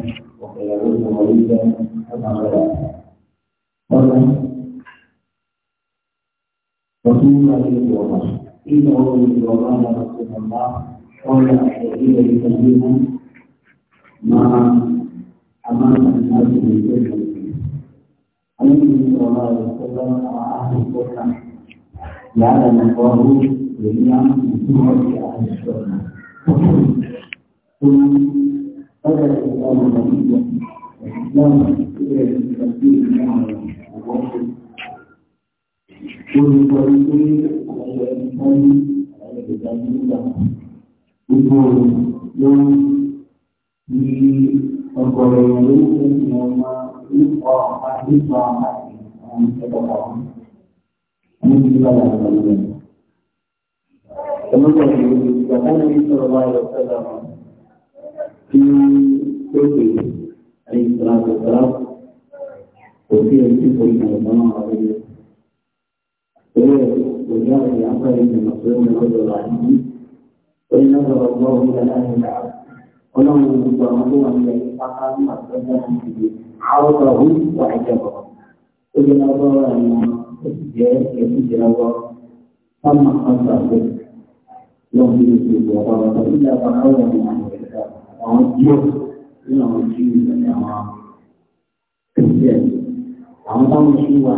vida o que la luz de Bolivia es más grande. Hola. Con un marido y no un idioma, la razón es más. Hola, querida y querida. Más amada y más bendita. A mí me gusta hablar de esto, pero no me hace importar. Y ahora me acuerdo de mi amor y mi amor y a mi persona. قال الله النبي الإسلام إلى التسبيح مع الوحي كل طريق على الإنسان على كتاب الله يقول يوم في القرآن يوم يقع يقع عن سبقه من قبل الله كما قال النبي صلى الله عليه وسلم في كل أي الصلاة والسلام وفي الكفر من الله عليه وجاء في عقل من مسعود رضي الله عنه وإن نظر الله إلى أهل العلم ولهم يضربون إليه فقالوا أسلمهم به عرضهم وعجبهم وجد الله أن يسجد الله ثم خلص لهم يسجد وضرب إلا فقوله àwọn díẹ̀ nínú àwọn tí ó àwọn kìrìsìtẹ̀ àwọn táwọn ṣe wà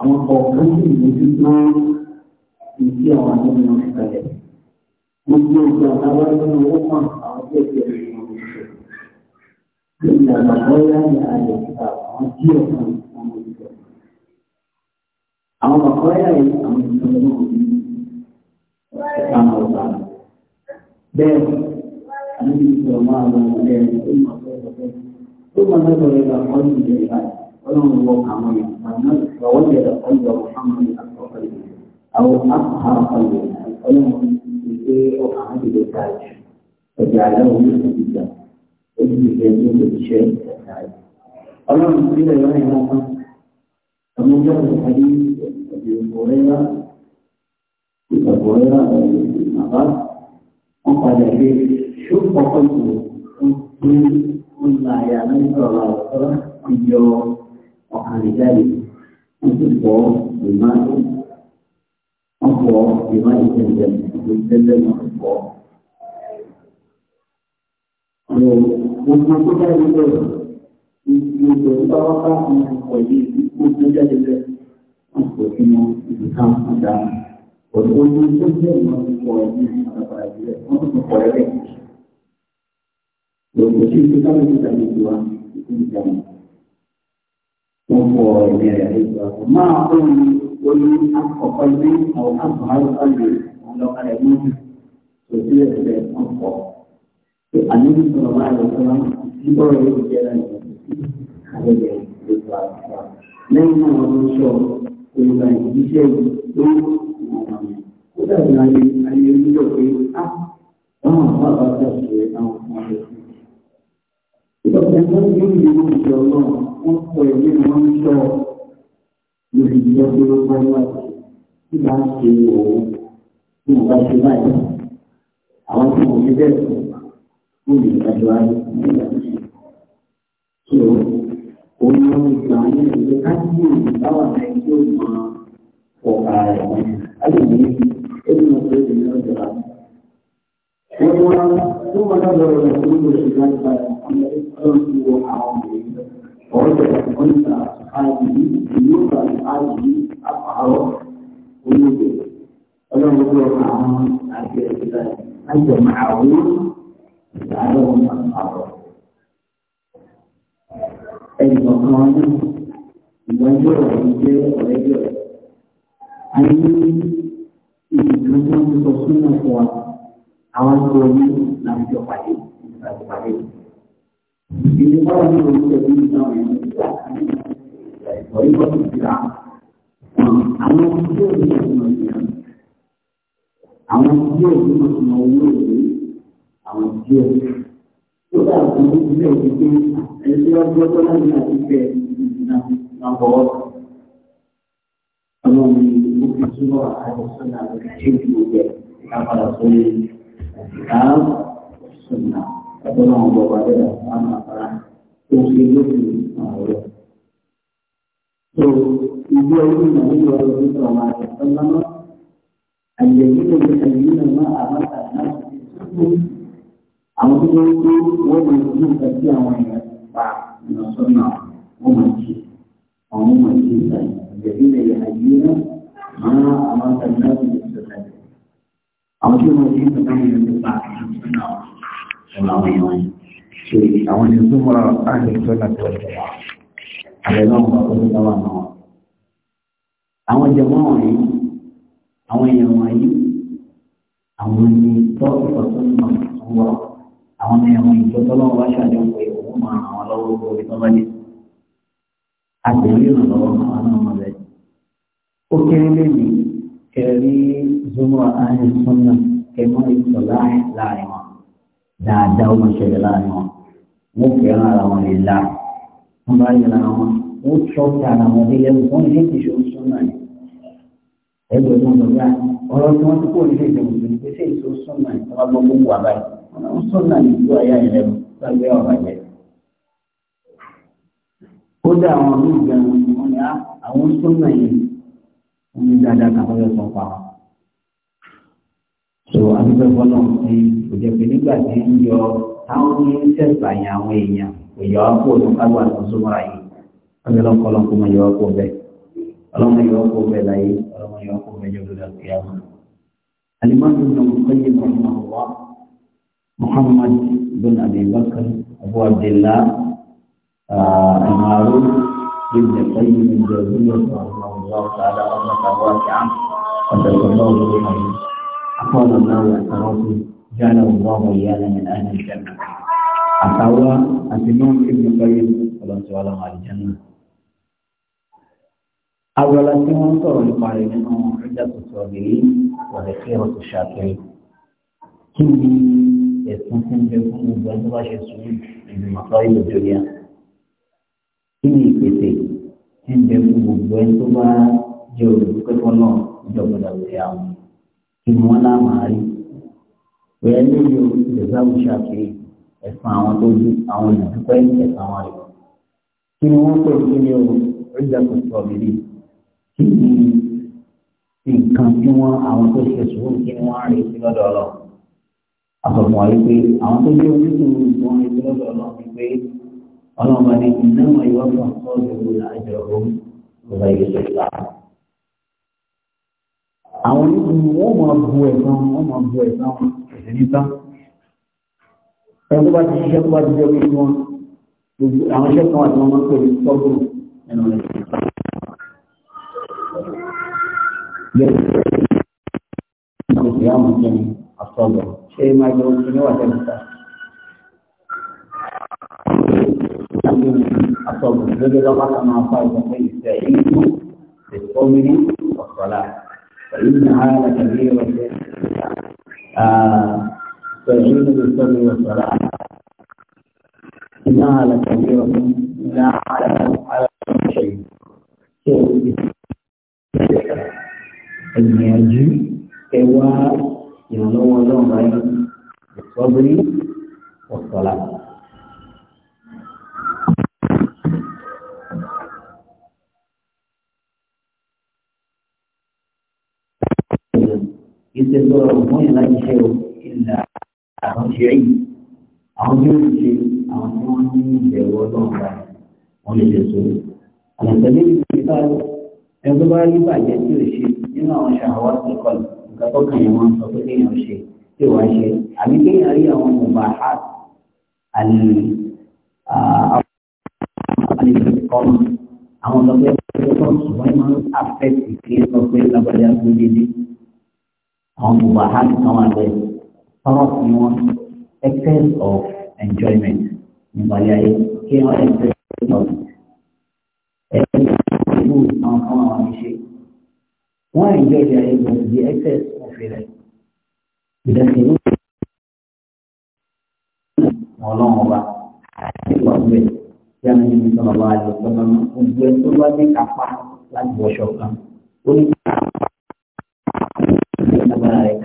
àwọn kọ̀ọ̀kan sì lójú tó ń tí àwọn àtúnyẹ wọn ti kalẹ̀. Gbogbo ìgbà táwọn ẹgbẹ́ owó kan àwọn díẹ̀ díẹ̀ ní wọn ti ṣe. Gbogbo ìgbà bọ́yá ní ayọ̀ kíkà àwọn díẹ̀ kan wọn ti Àwọn kọ̀ọ̀kan yà yìí àwọn ìṣòro náà ní àwọn Bẹ́ẹ̀ النبي صلى الله عليه وسلم ثم نظر إلى قلب العباد ولم يوقع منه فوجد قلب محمد أكثر قلبه أو أقهر قلبه القلم يطيع أحد التاج فجعله مسجدا اجلس يجوز الشيء التاج قلم قيل لا يعلم فمجرد حديث أبي هريرة أبي هريرة في المقام وقال فيه ṣùgbọ́n kò ń gbé ń la àyà ìyọ ọ̀kànlélẹ́yìn ń bọ̀ ìmá ń bọ̀ ìmá ìjẹ̀jẹ̀ ìjẹ̀jẹ̀ ń bọ̀. Gbogbo tó jáde lọ́wọ́ ìgbìyànjú ìbáwá káàkiri ọ̀pọ̀ yìí gbogbo jáde lọ́wọ́ ọ̀pọ̀ ìmọ̀ ìdíkà ọ̀dà. Òṣèlú tó jẹ́ ìmọ̀ ìpọ̀ ẹ̀mí àgbàgbà ìbílẹ̀ wọ́n tún pọ̀ ẹ̀rẹ́ ìjì. Berfungsi kita kita berdua itu bisa membuat dia itu. Maupun boleh apa kali atau apa hal kali kalau ada mungkin sesuatu yang apa. Jadi anda selama dalam siapa yang berjalan ada dia itu apa. Lain manusia punya bisa itu Kita berani, ada yang juga ah, ah, apa apa sesuatu yang Ẹgbẹ́ tí ó yẹ ìjọ náà, wọ́n kọ ìwé wọn sọ lórí ìjọ tó ló bá wà tí bá ń ṣe òun tí mo bá ṣe báyìí. Àwọn tí mo fi bẹ́ẹ̀ sọ, ó lè dájọ́ ayé nígbà tí. Ṣé o? Òun ló ń gbà ìwé káàkiri òun báwà náà tí ó mọ ọ̀gá rẹ̀ wọ́n. Á lè ní ẹgbẹ́ náà tó lè lọ́jọ́ àti. Orang itu pada orang itu bersikap pada orang itu awam. Orang yang kita aji, kita aji apa hal ini? Orang itu awam, akhir kita ada mahu, ada mahu. Eh, bukan banjir, banjir, banjir. Ini itu kan sesuatu yang kuat àwọn tó ní láwùjọ pàdé láwùjọ pàdé. Ìdí bọ́lá ní orí ẹbí náà yẹn ní ìgbà ìgbà ìgbà tó ti rà. Àwọn tí ó ní ìyá, àwọn tí ó ní owó ìwé, àwọn tí ó tó bá àwọn ti lé òkú pé ẹgbẹ́ ọjọ́ tó láti láti fẹ́ náà bọ̀ ọ́. Àwọn ọmọ ìlú kò fi túbọ̀ àti ìṣèjú rẹ̀ ká padà sórí kitab sunnah atau orang bawa pada sama orang fungsi itu ini nabi wali itu ramai tentang anjing itu bersaing nama amal karena Àwọn tó ń kó wọ́n mọ̀ ní nǹkan tí àwọn èèyàn pa ìrànṣọ́nà wọ́n ìjẹ̀bí lè yà yí náà àwọn àtàlẹ́ àwọn tí wọ́n ti ń sọ táwọn nípa àwọn àwọn èèyàn ṣe àwọn èèyàn àwọn àwọn èèyàn wọ̀nyí wá ṣàjọ pé òun máa ràn wọ́n lọ́wọ́ lórí tọ́lọ́dé àtẹ̀lé ìrànlọ́wọ́ àwọn náà mọ̀ bẹ́ẹ̀ ó kéré lé mi kẹrí súnmọ́ àárín súnmọ́ kẹmọ́ ìtọ̀ láàrin wọn dáadáa ó máa ṣẹlẹ̀ láàrin wọn wọ́n fẹ́ràn ara wọn lè la wọ́n bá yẹn ara wọn wọ́n tọ́jú ara wọn bí lẹ́nu wọ́n ní ìṣòro súnmọ́ ni ẹgbẹ́ tó ń lọ bá ọ̀rọ̀ tí wọ́n ti kó nílé ìjọba òṣèlú pé ṣé ìṣòro súnmọ́ ni wọ́n gbọ́ gbogbo àbáyé wọ́n súnmọ́ ni ìlú ayá yẹn lẹ́nu gbàgbé ọ̀rọ̀ àjẹ́ kódà àwọn ọdún ìgbà wọn ni àwọn súnmọ́ yẹn wọ́n ní dáadáa kàwé ọ̀sán pa wọn so àdúgbò fọlọ́ ní òjòpé nígbà tí ń yọ táwọn ní sẹ́sà yẹn àwọn èèyàn kò yọ ọ́ kó ló kágbà tó súnmọ́ra yìí ọjọ́ lọ́kọ́lọ́ kó mọ yọ ọ́ kó bẹ́ẹ̀ ọlọ́mọ yọ ọ́ kó bẹ́ẹ̀ láyé ọlọ́mọ yọ ọ́ kó bẹ́ẹ̀ jọ lórí ọ̀kẹ́ àwọn. alimami bin mukoyi muhammadu muhammad bin abibakar abu abdillah ah, almaru bin mukoyi bin jazuli rahmatulah ta'ala wa rahmatulah wa ta'ala wa ta'ala wa ta'ala wa ta'ala أقال الله وأسرته جعله الله وإيانا من أهل الجنة أتوا أتنوم ابن القيم الله تعالى على الجنة أولا كمان صار القائل أنه عدة الصابرين وذخيرة الشاكرين كم يستنسن بكم وزرع يسوع من مصائب الدنيا كم يكتب كم بكم وزرع يسوع من مصائب الدنيا ìmú wọn láàmú àárí bẹ́ẹ̀ lórí o ìjọba ò ṣàfihàn ẹ̀sán àwọn tó dú àwọn olùdúpẹ́ ẹ̀sán wọn rẹ̀ kí ni wọ́n pè kí ni o ìjà kò sọ mí rí kí ni nǹkan tí wọ́n àwọn tó ṣe sùúrù kí ni wọ́n rí sí lọ́dọ̀ ọlọ́run àfọ̀mọ́ yìí pé àwọn tó dé oníṣòwò wọn rí sí lọ́dọ̀ ọlọ́run ni pé ọlọ́run bá ìwọ́pọ̀ sọ́ọ̀dù ìwòlá àjọ òun àwọn onígun wọ́n máa bu ẹ̀sán wọ́n máa bu ẹ̀sán ẹ̀sẹ̀ nítán ẹ̀sán tó bá ti ṣiṣẹ́ tó bá ti jẹ́ pé kí wọ́n gbogbo àwọn iṣẹ́ kan àti wọn máa ń pè ní sọ́gbọ̀n ẹnu rẹ̀ lẹ́yìn kò sí àwọn ìjẹun àsọ̀gbọ̀n ṣé máa jẹ oṣù níwà tẹ́lifíṣà àsọ̀gbọ̀n lọ́jọ́ lọ́pàá kan máa fa ìgbọ̀n pé ìṣẹ̀yìn tó فإنها لكبيرة فإن آه، بالصبر والصلاة إنها لكبيرة لا على على شيء ìgbìyànjú ẹwà ìrànlọ́wọ́ ọlọ́run báyìí ìsọ́bìrì ọ̀sọ̀lá. ìṣe sọ̀rọ̀ fún yìí láti ṣe o ìlà àwọn ṣe yìí àwọn tí wọ́n ṣe àwọn tí wọ́n ní ìbẹ̀wò ọlọ́run rà wọ́n lè ṣe sọ̀rọ̀. àlàtẹ̀lé ti fi bá ẹni tó bá rí bàjẹ́ tí ò ṣe nínú àwọn ṣàwọ́ ìkọlù nǹkan tó kàn yẹn wọ́n sọ pé kéèyàn ṣe tí ò wá ṣe àbí kéèyàn rí àwọn mùbà hàt àlè àwọn sọ pé ẹgbẹ́ tó sọ wọ́n máa ń àfẹ́ sí kí ẹ sọ pé lágbàdá tó dédé àwọn bùbá ha kan wà bẹ́ẹ̀ tọ́rọ̀ ni wọ́n excess of enjoyment nígbàlẹ́ ayé kí wọ́n excess of ẹ̀ẹ́dẹ́gbẹ̀rún ìlú àwọn kan wà ní ṣe wọ́n enjoy their ayé but the excess of it. rẹ̀ ìdẹ́kẹ̀lú ọlọ́run ọba àti ìwà bẹ́ẹ̀ tí a ní ní sọ̀rọ̀ wa àti ọ̀sán náà gbogbo ẹ̀ tó bá dé kápá láti wọṣọ kan ó ní kápá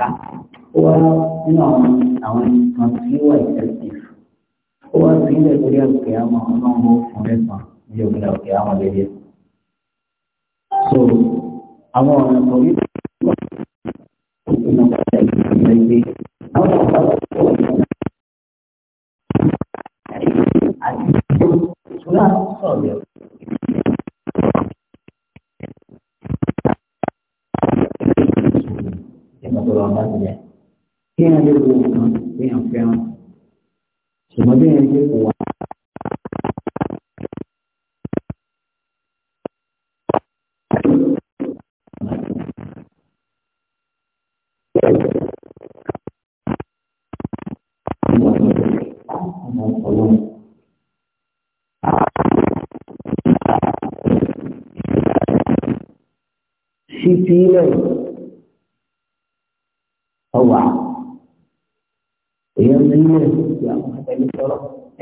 ká ó wá nínú àwọn àwọn nǹkan tí ó wà effective ó wá sí ilé ìgbérí àgbè àwọn ọlọ́run ó fún lẹ́sàn ní ògbìn àgbè àwọn so àwọn ọ̀nà kan yìí ó ti nà pàtàkì ìgbà ìgbé àwọn ọ̀nà kan tó wà ní àti ìṣúná sọ̀rọ̀ wo nǹkan bí yàn fẹ́ràn ṣùgbọ́n bí yàn ṣe kò wá. Sí, sí,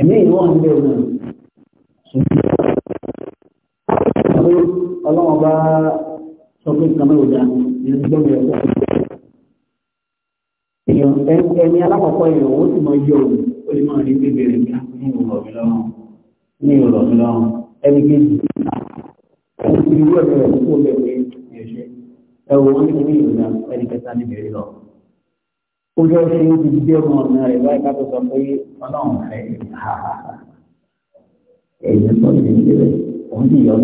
ẹ̀mí ìwọ̀n ń bẹ̀rù náà ṣùgbọ́n pé ọlọ́wọ́n bá sọ pé kàmẹ́ òjá ní gbọ́dọ̀ ẹ̀kọ́ èèyàn ẹni alákọ̀ọ́kọ́ èèyàn ó sì mọ yọ òun ó lè máa rí bèbè rẹ̀ ní ìrọ̀lọ́ mi lọ́rùn ní ìrọ̀lọ́ mi lọ́rùn ẹni kejì ìrú ẹni kẹta níbẹ̀rẹ̀ ó jẹ́ ṣe ó ti gbé ọmọ ọ̀nà rẹ̀ báyìí ká tó sọ pé ọlọ́run fẹ́ ẹ̀yìn tó ṣe ń bẹ̀rẹ̀ òun sì yọ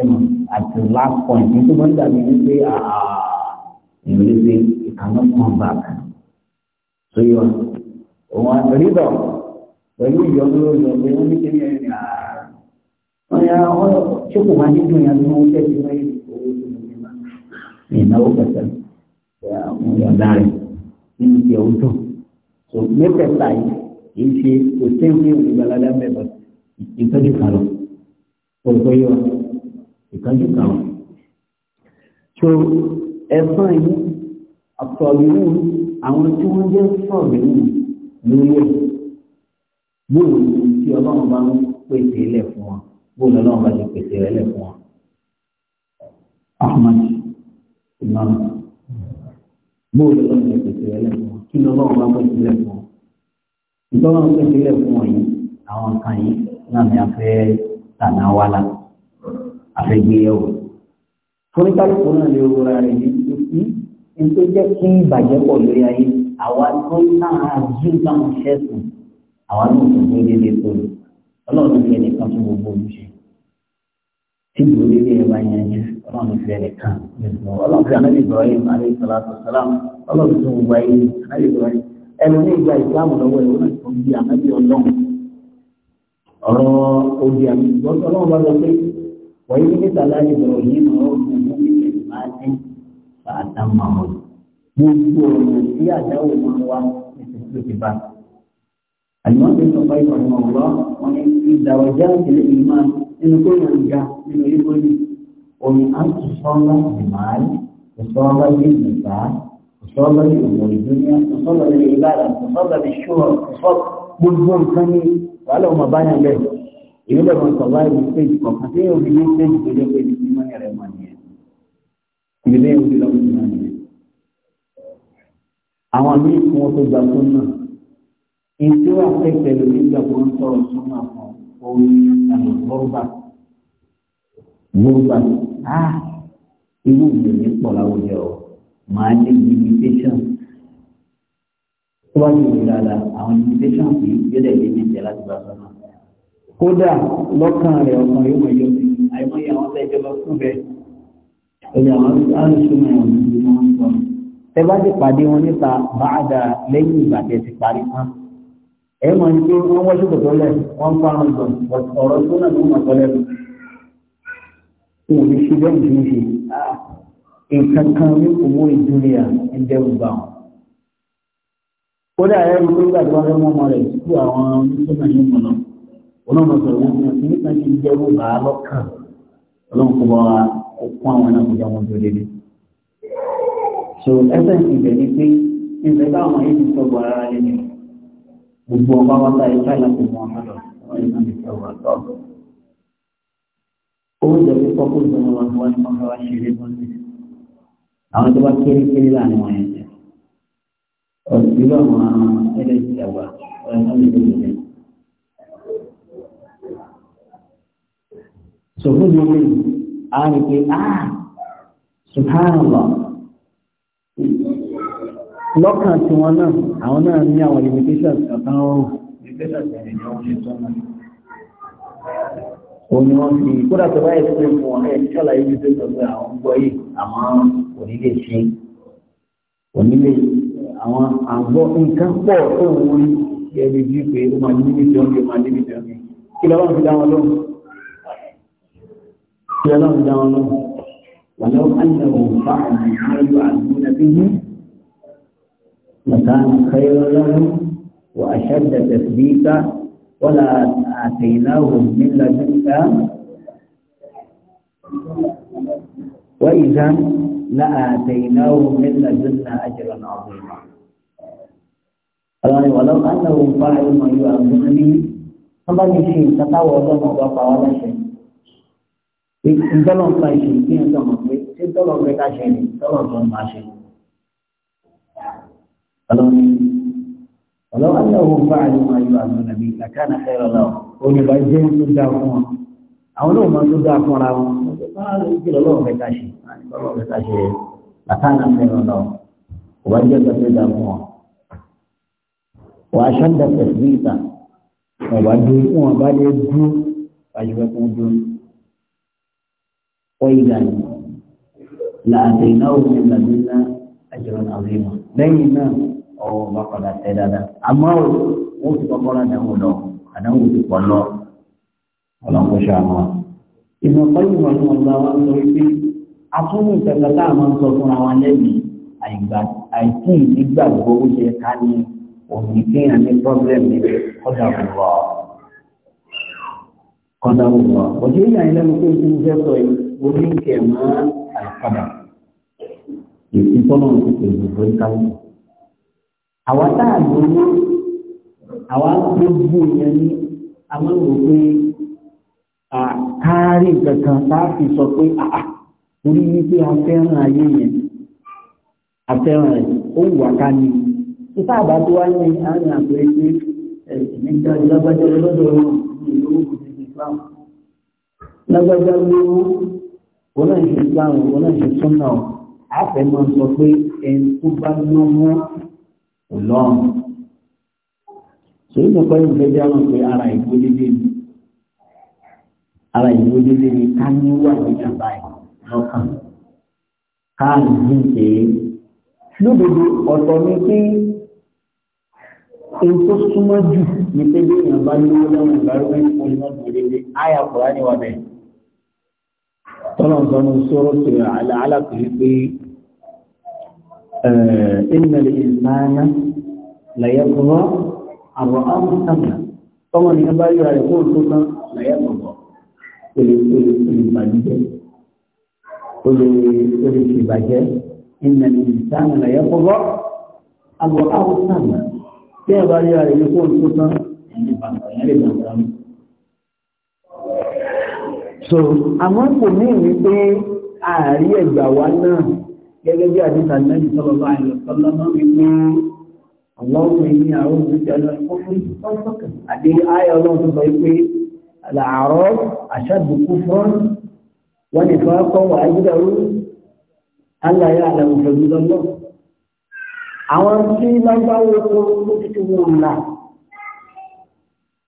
ẹ̀mọ̀ at the last point ní tó máa ń dàbí wípé ìwé ah, ṣe ìkànnà kan bá kan tó yọ òun àtẹ̀rídọ̀ pẹ̀lú ìyọnu ló yọ pé wọ́n ní kí ni ẹ̀yìn ah. wọ́n yà ah, wọ́n ṣé kò máa nínú ìyá tó ń tẹ̀síwájú ìnáwó pẹ̀sẹ̀ ìyá ọ̀dà rẹ̀ nínú ti ọdún so mẹ́tẹ̀ẹ̀ta yìí kì í ṣe kò séwé ìgbàlódé mẹ́bọ̀ ìtọ́jú kan lọ pọ̀lọpọ̀ yọ ìtọ́jú kan lọ. so ẹ̀fọn yìí àtọ̀yìnwó àwọn tí wọ́n jẹ́ sọ̀rọ̀yìnwó lórí ẹ̀ bóòlù tí ọlọ́run bá ń pèsè lẹ̀ fún wọn bóòlù ọlọ́run bá ti pèsè rẹ̀ lẹ̀ fún wọn. Ahmad Imam bóòlù lọ́nà ti pèsè ẹlẹ́kọ̀ọ́ kí ló lọ́wọ́ bá pèsè ẹlẹ́kọ̀ọ́ ìtọ́nà pèsè ẹlẹ́kọ̀ọ́ yìí àwọn kan yìí náà ni tànà wá la a gbé yẹ̀wò. fúnikálùkù náà lè rọra rẹ̀ ní títí nítorí jẹ́ kí ìbàjẹ́ pọ̀ lórí ayé àwa tó ń náà zú táwọn ṣẹ́sùn àwa náà tó gbé délé tó lò ọlọ́run ti ẹnìkan fún gbogbo olùṣe tí gbòdélé ẹ bá yanjú ọlọ́run fi ẹnì kan ọlọ́run fi anábì ibrahim alayhi salatu salam ọlọ́run tó wà yìí anábì ibrahim ẹnu ní ìgbà ìsìlámù lọ́wọ́ ìwé náà tó di anábì ọlọ́run ọ̀rọ̀ òdì àmì ìgbọ́sọ̀ ọlọ́run bá lọ pé wọ́n yí níta láyé bọ̀rọ̀ yìí náà ó fi mú mi lè máa dín bàtà màmọ́ gbogbo ọ̀nà tí àdáwò máa wá ètò ti bá. àlùmọ́ ti sọ pé ìfọ̀rọ̀ ọ̀rọ̀ wọn ni ìdàwọ̀já ìlẹ̀ ìmọ̀ nínú kó omi àtúnṣọ́lá ìmáàlì ìṣọ́lá ìgbà ìṣọ́lá ìwòrì dúníà ìṣọ́lá ìbára ìṣọ́lá ìṣúra ìṣọ́ gbogbo nǹkan ní wàhálà ọmọ bá yàn bẹ́ẹ̀ èyí lè wọn sọ̀rọ̀ láì ní péjì kọ̀ọ̀kan tí yóò fi ní péjì tó dé péjì tí wọ́n yẹrẹ mọ̀ nìyẹn ìdílé yóò fi lọ́wọ́ sí náà nìyẹn. àwọn míì tí wọ́n tó gba fún náà ètò àfẹ́fẹ́ lórí ìgbà wọn sọ̀rọ̀ sọ́nà fún orí àlùbọ́ọ̀bà gbọ́ọ̀bà á ah, irú mi ò ní pọ̀ láwùjọ o màá ní limitation tó bá ti wù dáadáa àwọn limitation kì í yóò dẹ̀ lé ní ìjẹ́ láti bá sọ́nà. kódà lọ́kàn rẹ̀ ọkàn yóò mọ̀ yóò fi àìmọye àwọn ọ̀sẹ̀ ìjọba fún bẹ́ẹ̀ ẹ̀yà àwọn alùsùnmọ̀ ẹ̀wọ̀n ni wọ́n ń sọ. ẹ bá ti pàdé wọn níta báàdà lẹ́yìn ìgbà tẹ̀ ti parí tán ẹ mọ̀ ní pé wọ́n wọ́n ṣòkòtò lẹ̀ wọ́n ń pa àwọn ìgbọ̀n ọ̀rọ̀ tó náà ló mọ̀ tọ́lẹ́nu òun ní ṣe bẹ́ẹ̀ ní ṣe nǹkan kan ní òwò ìdúnyà ẹ̀dẹ́rù bá wọn. kódà ẹ̀rù pé gbàgbọ́ ọmọ ọmọ rẹ̀ kú àwọn oníṣẹ́nà yìí mọ̀ lọ ọlọ́mọ sọ̀rọ̀ wọn fún un nípa ṣe jẹ́rù bá a lọ́kàn ọlọ́run kó bá wa kún àwọn náà kó jẹ́ wọn tó dédé. so ẹsẹ̀ ìbẹ̀ ni pé ìbẹ̀ báwọn yìí ti sọ bọ̀ ara rẹ̀ ni gbogbo ọba wa ta ìfẹ́ ìlànà ìmọ̀ ọ̀hún lọ kọ́kọ́ ìjọba wọn wọn ni wọ́n fẹ́ wá ṣeré wọn sí. àwọn tó bá kéré kéré láàrin wọn yẹn jẹ. ọ̀sìn àwọn ẹlẹ́sìn ẹ̀wà ọ̀rẹ́ náà lè lè lè. sòfún mi lè á rí pé á ah, subhanallah lọ́kàn tí wọ́n náà àwọn náà ní àwọn limitations ọ̀tán ọ̀rùn limitations ẹ̀yìn ni wọ́n ṣe tọ́nà òní wọn fi kódà tó bá yẹ pé mo ẹ ṣọlá yìí tó sọ pé àwọn gbọ́ yìí àwọn òní lè ṣe òní lè àwọn àgbọ nǹkan pọ̀ tó ń wọlé yẹ lè jí pé ó máa níbi tí wọn lè máa níbi tí wọn lè kí lọ́wọ́ fi dá wọn lóhùn kí lọ́wọ́ fi dá wọn lóhùn wọn lọ́wọ́ àyẹ̀wò fáwọn ìṣẹ́lú àdúgbò bí yìí màtá kẹrẹ lọ́wọ́ wà á ṣẹ́dẹ̀ tẹ̀síbíkà wọ́lá àtẹ̀yìnáwó nílá nígbà wọ́n ìdá láàtẹ̀yìnáwó nílá nígbà àjẹrọ náà ọ̀gbìn. Àwọn ìwọ̀lọ́ aláwọ̀ ń bá ẹ̀rọ yóò àgbọn ní wọ́n bá lè ṣe ìtàtàwọ̀ ọlọ́mọ bá pa wọ́n láṣẹ. Ìtọ́lọ̀ ń pa ìṣe kí n sọ̀mọ̀ pé ṣé tọ́lọ̀ ń bẹ ká ni tọ́lọ̀ tó ń máa ọ̀lọ́ aláwọ̀ fáàlì máa yọ àwọn nàbí làkàna ẹ̀rọ náà olùbá jẹ́ tó dá fún wọn àwọn náà máa tó dá fún ara wọn báwọn ìjì lọ́wọ́ fẹ́ káṣe lọ́wọ́ fẹ́ káṣe làkàna ẹ̀rọ náà olùbá jẹ́ tó dá fún wọn. wà á ṣàǹdà tẹ̀sí ìta wọn bá wọn bá lè dúró àyùbá lẹ́yìn náà ọwọ́ bá padà tẹ́ dáadáa àmọ́ o wọ́n ti kọ́kọ́ ládàáwò lọ àdáwò ti pọ̀ lọ ọlọ́kọ́ṣọ́ àwọn. ìmọ̀ pẹ́lú ìmọ̀lẹ́ ọ̀gá wa sọ pé atúmù ìtẹ̀kẹ́ tá a máa ń sọ fúnra wa lẹ́bi àìsí ìgbàgbọ́ ó yẹ ká ní òní kéèyàn ní pọ́blẹ́mù kọ́dà wùwà kọ́dà wùwà òjò ìyá ìlẹ́nu pé kí n fẹ́ sọ yìí orí kẹ̀ mọ́ àìpadà ìfipọ́nà ti pèsè fún kálukú àwa tá a lò ní àwa gbogbo yẹn ní a máa ń rò pé káárí kankan tá a fi sọ pé àà torí wípé a fẹ́ràn ayé yẹn a fẹ́ràn rẹ̀ ó wù wá ká ní títà àbá tó wá ní àárín àpẹẹrẹ pé ẹ̀ẹ́dẹ́gbẹ́jọ́ ìlọ́gbẹ́jọ́ lọ́dọ̀ ọ̀run ní ìlú òkùnkùn islam lágbájá lówó wọn náà ṣe islam wọn náà ṣe súnà àfẹ́ máa sọ pé ẹni tó bá lówó kò lọ́rùn sòrí kọ̀ọ̀kan yóò fẹ́ jẹ́ àwọn pé ara ìbò dédé ni ara ìbò dédé ni ká ní wà nígbà báyìí lọ́kàn ká ní ṣe é lódodo ọ̀tọ̀ ni pé èyí tó súnmọ́ jù ní pé bí èèyàn bá lówó lọ́wọ́ ìbárúmẹ́tì fún iná gbòdédé àyà kọ̀ọ̀rá ni wà bẹ́ẹ̀ tọ́lọ̀ ń sọ ní sọ̀rọ̀ sọ̀rọ̀ àlàálà pé ìnà lè ìsáná lẹ́yẹ̀kọ́ àrùn ámùsàmà tọ́mọ̀ ní bá yọ àrẹ̀ fún òtún kan lẹ́yẹ̀kọ́ olùbàjẹ́ olùbàjẹ́ ìnà lè ìsáná lẹ́yẹ̀kọ́ àrùn ámùsàmà tí ẹ bá yọ àrẹ̀ fún òtún kan lẹ́yẹ̀kọ́ so àmọ́ kò ní ìwé pé ààrí ẹ̀gbà wa náà gẹ́gẹ́ bí àdìsá lẹ́yìn sọ́lọ́ bá àyè sọ́lọ́ náà wípé àwọn ọkùnrin ní àwọn òṣìṣẹ́ ọlọ́run kọ́kùnrin tọ́sọ́kẹ̀ àti ayé ọlọ́run tó sọ wípé àlàárọ̀ àṣàdùkú fún wọn ní fọ́ọ́kọ́ wà ájúdàrú aláyé àlàmù pẹ̀lú lọ́lọ́ àwọn tí lágbáwó tó tó ti tó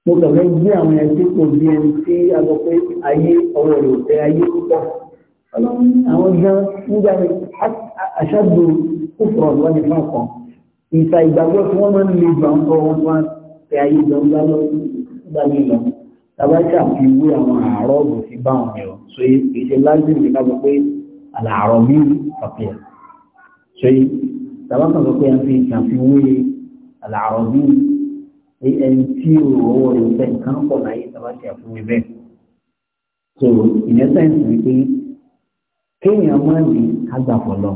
mo kẹ̀kẹ́ gbé àwọn ẹ̀sìn kò bí ẹni tí a sọ pé ayé ọwọ́ rẹ̀ ayé púpọ̀ àwọn gan nígbà aṣáájú kúfùrọ̀ ọ̀dọ́ ní fún ọkàn ìta ìgbàgbọ́ tí wọ́n máa ń lè gbà ń tọ́ wọn wá pé ayé ìjọ ń gbá lọ́gbà ní lọ tàbá ṣàfiwé àwọn àárọ̀ ọ̀gbìn sí bá wọn yọ so ìṣe láti ní ká sọ pé àlàárọ̀ mi pàpẹ́ so tàbá kan sọ pé a fi ṣàfiwé àlàárọ̀ mi ẹni tí òwò rẹ̀ fẹ́ nǹkan pọ̀ láyé tàbá ṣàfiwé bẹ́ẹ̀ so ìyẹn sáyẹ̀nsì ni kéèyàn máa ní agbàfọ̀lọ́.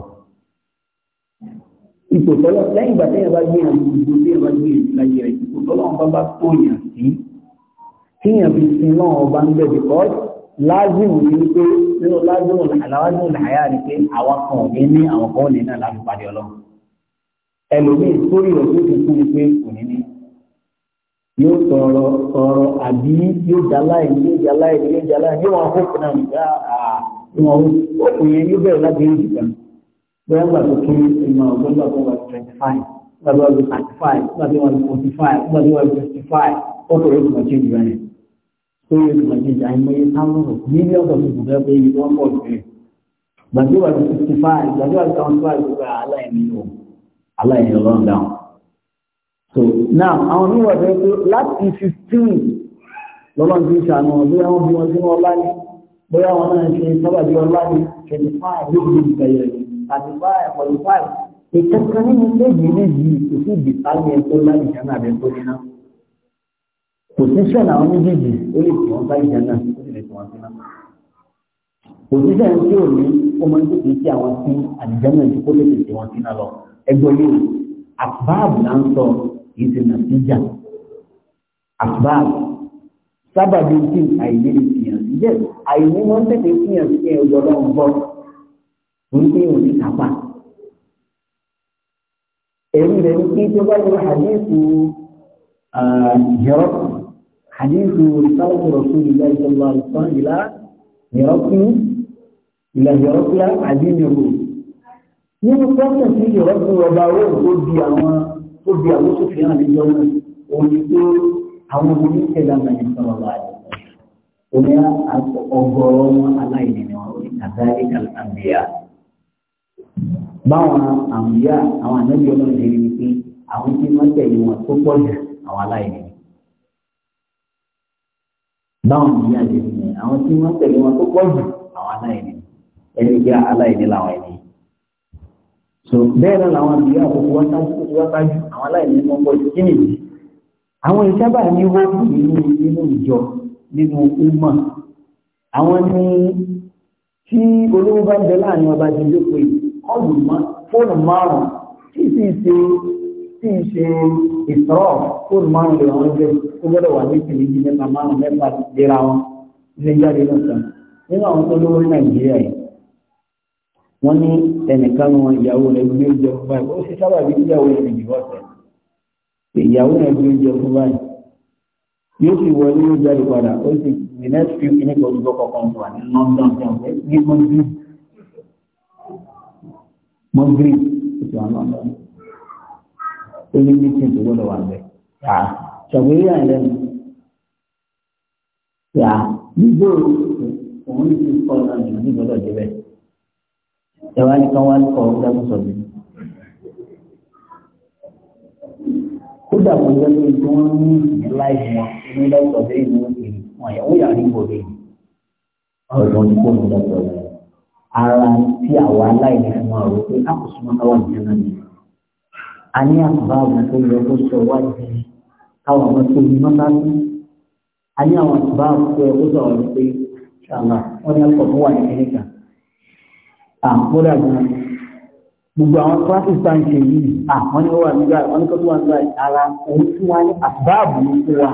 Ipò tọ́lọ́ lẹ́yìn ìgbà tẹ́yìn bá gbé àwọn ìgbò tí ẹ̀bá gbé ìlàjì rẹ̀ ipò tọ́lọ́ ọba bá tó yàn sí. Kéèyàn fi sin náà ọba ń bẹ̀ bìkọ́ lázìmù ní wípé nínú lázìmù aláwájú làyà rí pé àwọn kan ò ní ní àwọn kan ò ní náà láti pàdé ọlọ́run. Ẹlòmíì sórí rẹ̀ tó ti fún mi pé kò ní ní. Yóò sọ̀rọ̀ sọ̀rọ̀ àbí yóò jaláì yóò jaláì yóò jaláì yóò wọn kó fún náà ìwọ̀n òkùn yẹn yóò bẹ̀rẹ̀ láti rí ìdìgbà bẹ́ẹ̀ gbà tó kéré ìmọ̀ ọ̀gbọ́n gbà tó wà twenty five gbà tó wà tó thirty five gbà tó wà tó forty five gbà tó wà tó fifty five ó kọ̀ lóṣù màjí ìgbà yẹn tó yẹ kò màjí ìgbà yẹn mọ́yé táwọn mílíọ̀nù tó kù bẹ́ẹ̀ pé ibi tó ń pọ̀ jù yẹn gbà tó wà tó fifty five gbà tó wà tó seventy five gbà aláìní o aláìní lọ́n so now àwọn oníwà bẹ́ẹ̀ pé láti fifteen lọ́lọ́run ti ṣàánú ọ̀gbẹ́ bóyá wọn náà ṣe sábàbí ọláyé twenty five ló fi bẹ̀rẹ̀ thirty five forty five ìkankan nínú méjì méjì kò sí ìdìpáyé ẹ̀tọ́ láì jẹ́ náà àbẹ̀tọ́ níná pòsíṣàn àwọn méjèèjì ó lè fi wọn sáyé jẹ́ náà ó sì lè fi wọn sí náà pòsíṣàn tí ò ní ó máa ń tètè sí àwọn sí àdìjẹ́nà tí kò lè tètè wọn sí náà lọ ẹgbẹ́ yìí àbáàbù náà ń sọ ìsìn nàìjíríà àbáàbù sábàbí tí yẹ àìní máa ń tètè fihàn sí ẹ ọjọ́ náà ń bọ̀ ń pè ní kápá. èyí rẹ̀ ní kí tí ó bá yẹ hadithu yọrọ hadithu sáwọn rọ̀sùn ìlà ìjọba ìsọ̀n ìlà yọrọ̀kú ìlà yọrọ̀kú àdínìrò. nínú pọ́sẹ̀ tí yọrọ̀kú ọba owó tó di àwọn tó di àwọn sófin àdéjọ́ náà òun ni pé àwọn oníṣẹ́ ìlànà báyìí. Omi ọgọ́rọ̀ wọn aláìní ni wọn ní Kàdáríkà Àmbíyá. Báwọn àmbíyá àwọn ànábì ọlọ́run ṣe rí ni ini, àwọn tí wọ́n tẹ̀lé wọn tó pọ̀ bawa àwọn aláìní ni. Báwọn àmbíyá ṣe rí ni àwọn tí wọ́n tẹ̀lé wọn tó pọ̀ ni. Ẹni jẹ́ So bẹ́ẹ̀ lawan dia, àmbíyá àkókò wọn tájú wọn tájú àwọn aláìní ni wọ́n pọ̀ jù kí nìyí. Àwọn ìṣẹ́ báyìí ní wọ́n kù nínú umma àwọn ni tí olówó bá ń bẹ láàrin ọba ti lóko yìí kọlù fóònù márùn tí sì ṣe tí ì ṣe ìsọ̀rọ̀ fóònù márùn lè wọn jẹ tó gbọ́dọ̀ wà ní ìpínlẹ̀ mẹ́ta márùn mẹ́fà léra wọn ilé jáde lọ́sàn nínú àwọn tó lówó ní nàìjíríà yìí wọ́n ní ẹnìkan wọn ìyàwó rẹ̀ gbé oúnjẹ fún báyìí ó sì sábà bí ìyàwó rẹ̀ ìyàwó rẹ̀ gbé oúnjẹ fún báyìí yóò fi wọlé yóò jáde padà ó sì the next few minutes of the kọ̀ọ̀kan wà ní London jẹun ní Madrid Madrid ètò àwọn London ó ní meeting tó gbọ́dọ̀ wà bẹ́ẹ̀ yà ṣàgbéyé àìlẹ́ mi yà nígbò òun ní kí n kọ́ ọ̀nà ìlú gbọ́dọ̀ débẹ̀ ẹ̀ wá ní kí wọ́n wá ní kọ́ ọ̀gá tó sọ̀rọ̀ kódà mo jẹ́ pé tí wọ́n ní ìsinmi láì wọn ní lọ́sọ̀ dé ìlú òkèèrè wọn yẹn ó yà ní ìbòde yìí ọ̀dọ́ ní kó ní lọ́sọ̀ rẹ̀ ara tí àwa aláìní fún wa rò pé àkóso káwọn ìjẹ́ náà ni a ní àkùbá àwọn tó yẹ kó sọ wájú káwọn ọmọ tó ní mọ́tà sí a ní àwọn àkùbá àwọn tó yẹ kó pé ṣàlà wọ́n ní àkọ́kọ́ wà ní kíníkà àkúrà náà gbogbo àwọn classes tá n ṣe yìí àwọn ni wọ́n wà nígbà wọ́n ní kọ́tù wà nígbà ara òun fún wa ní àbáàbò ní fún wa.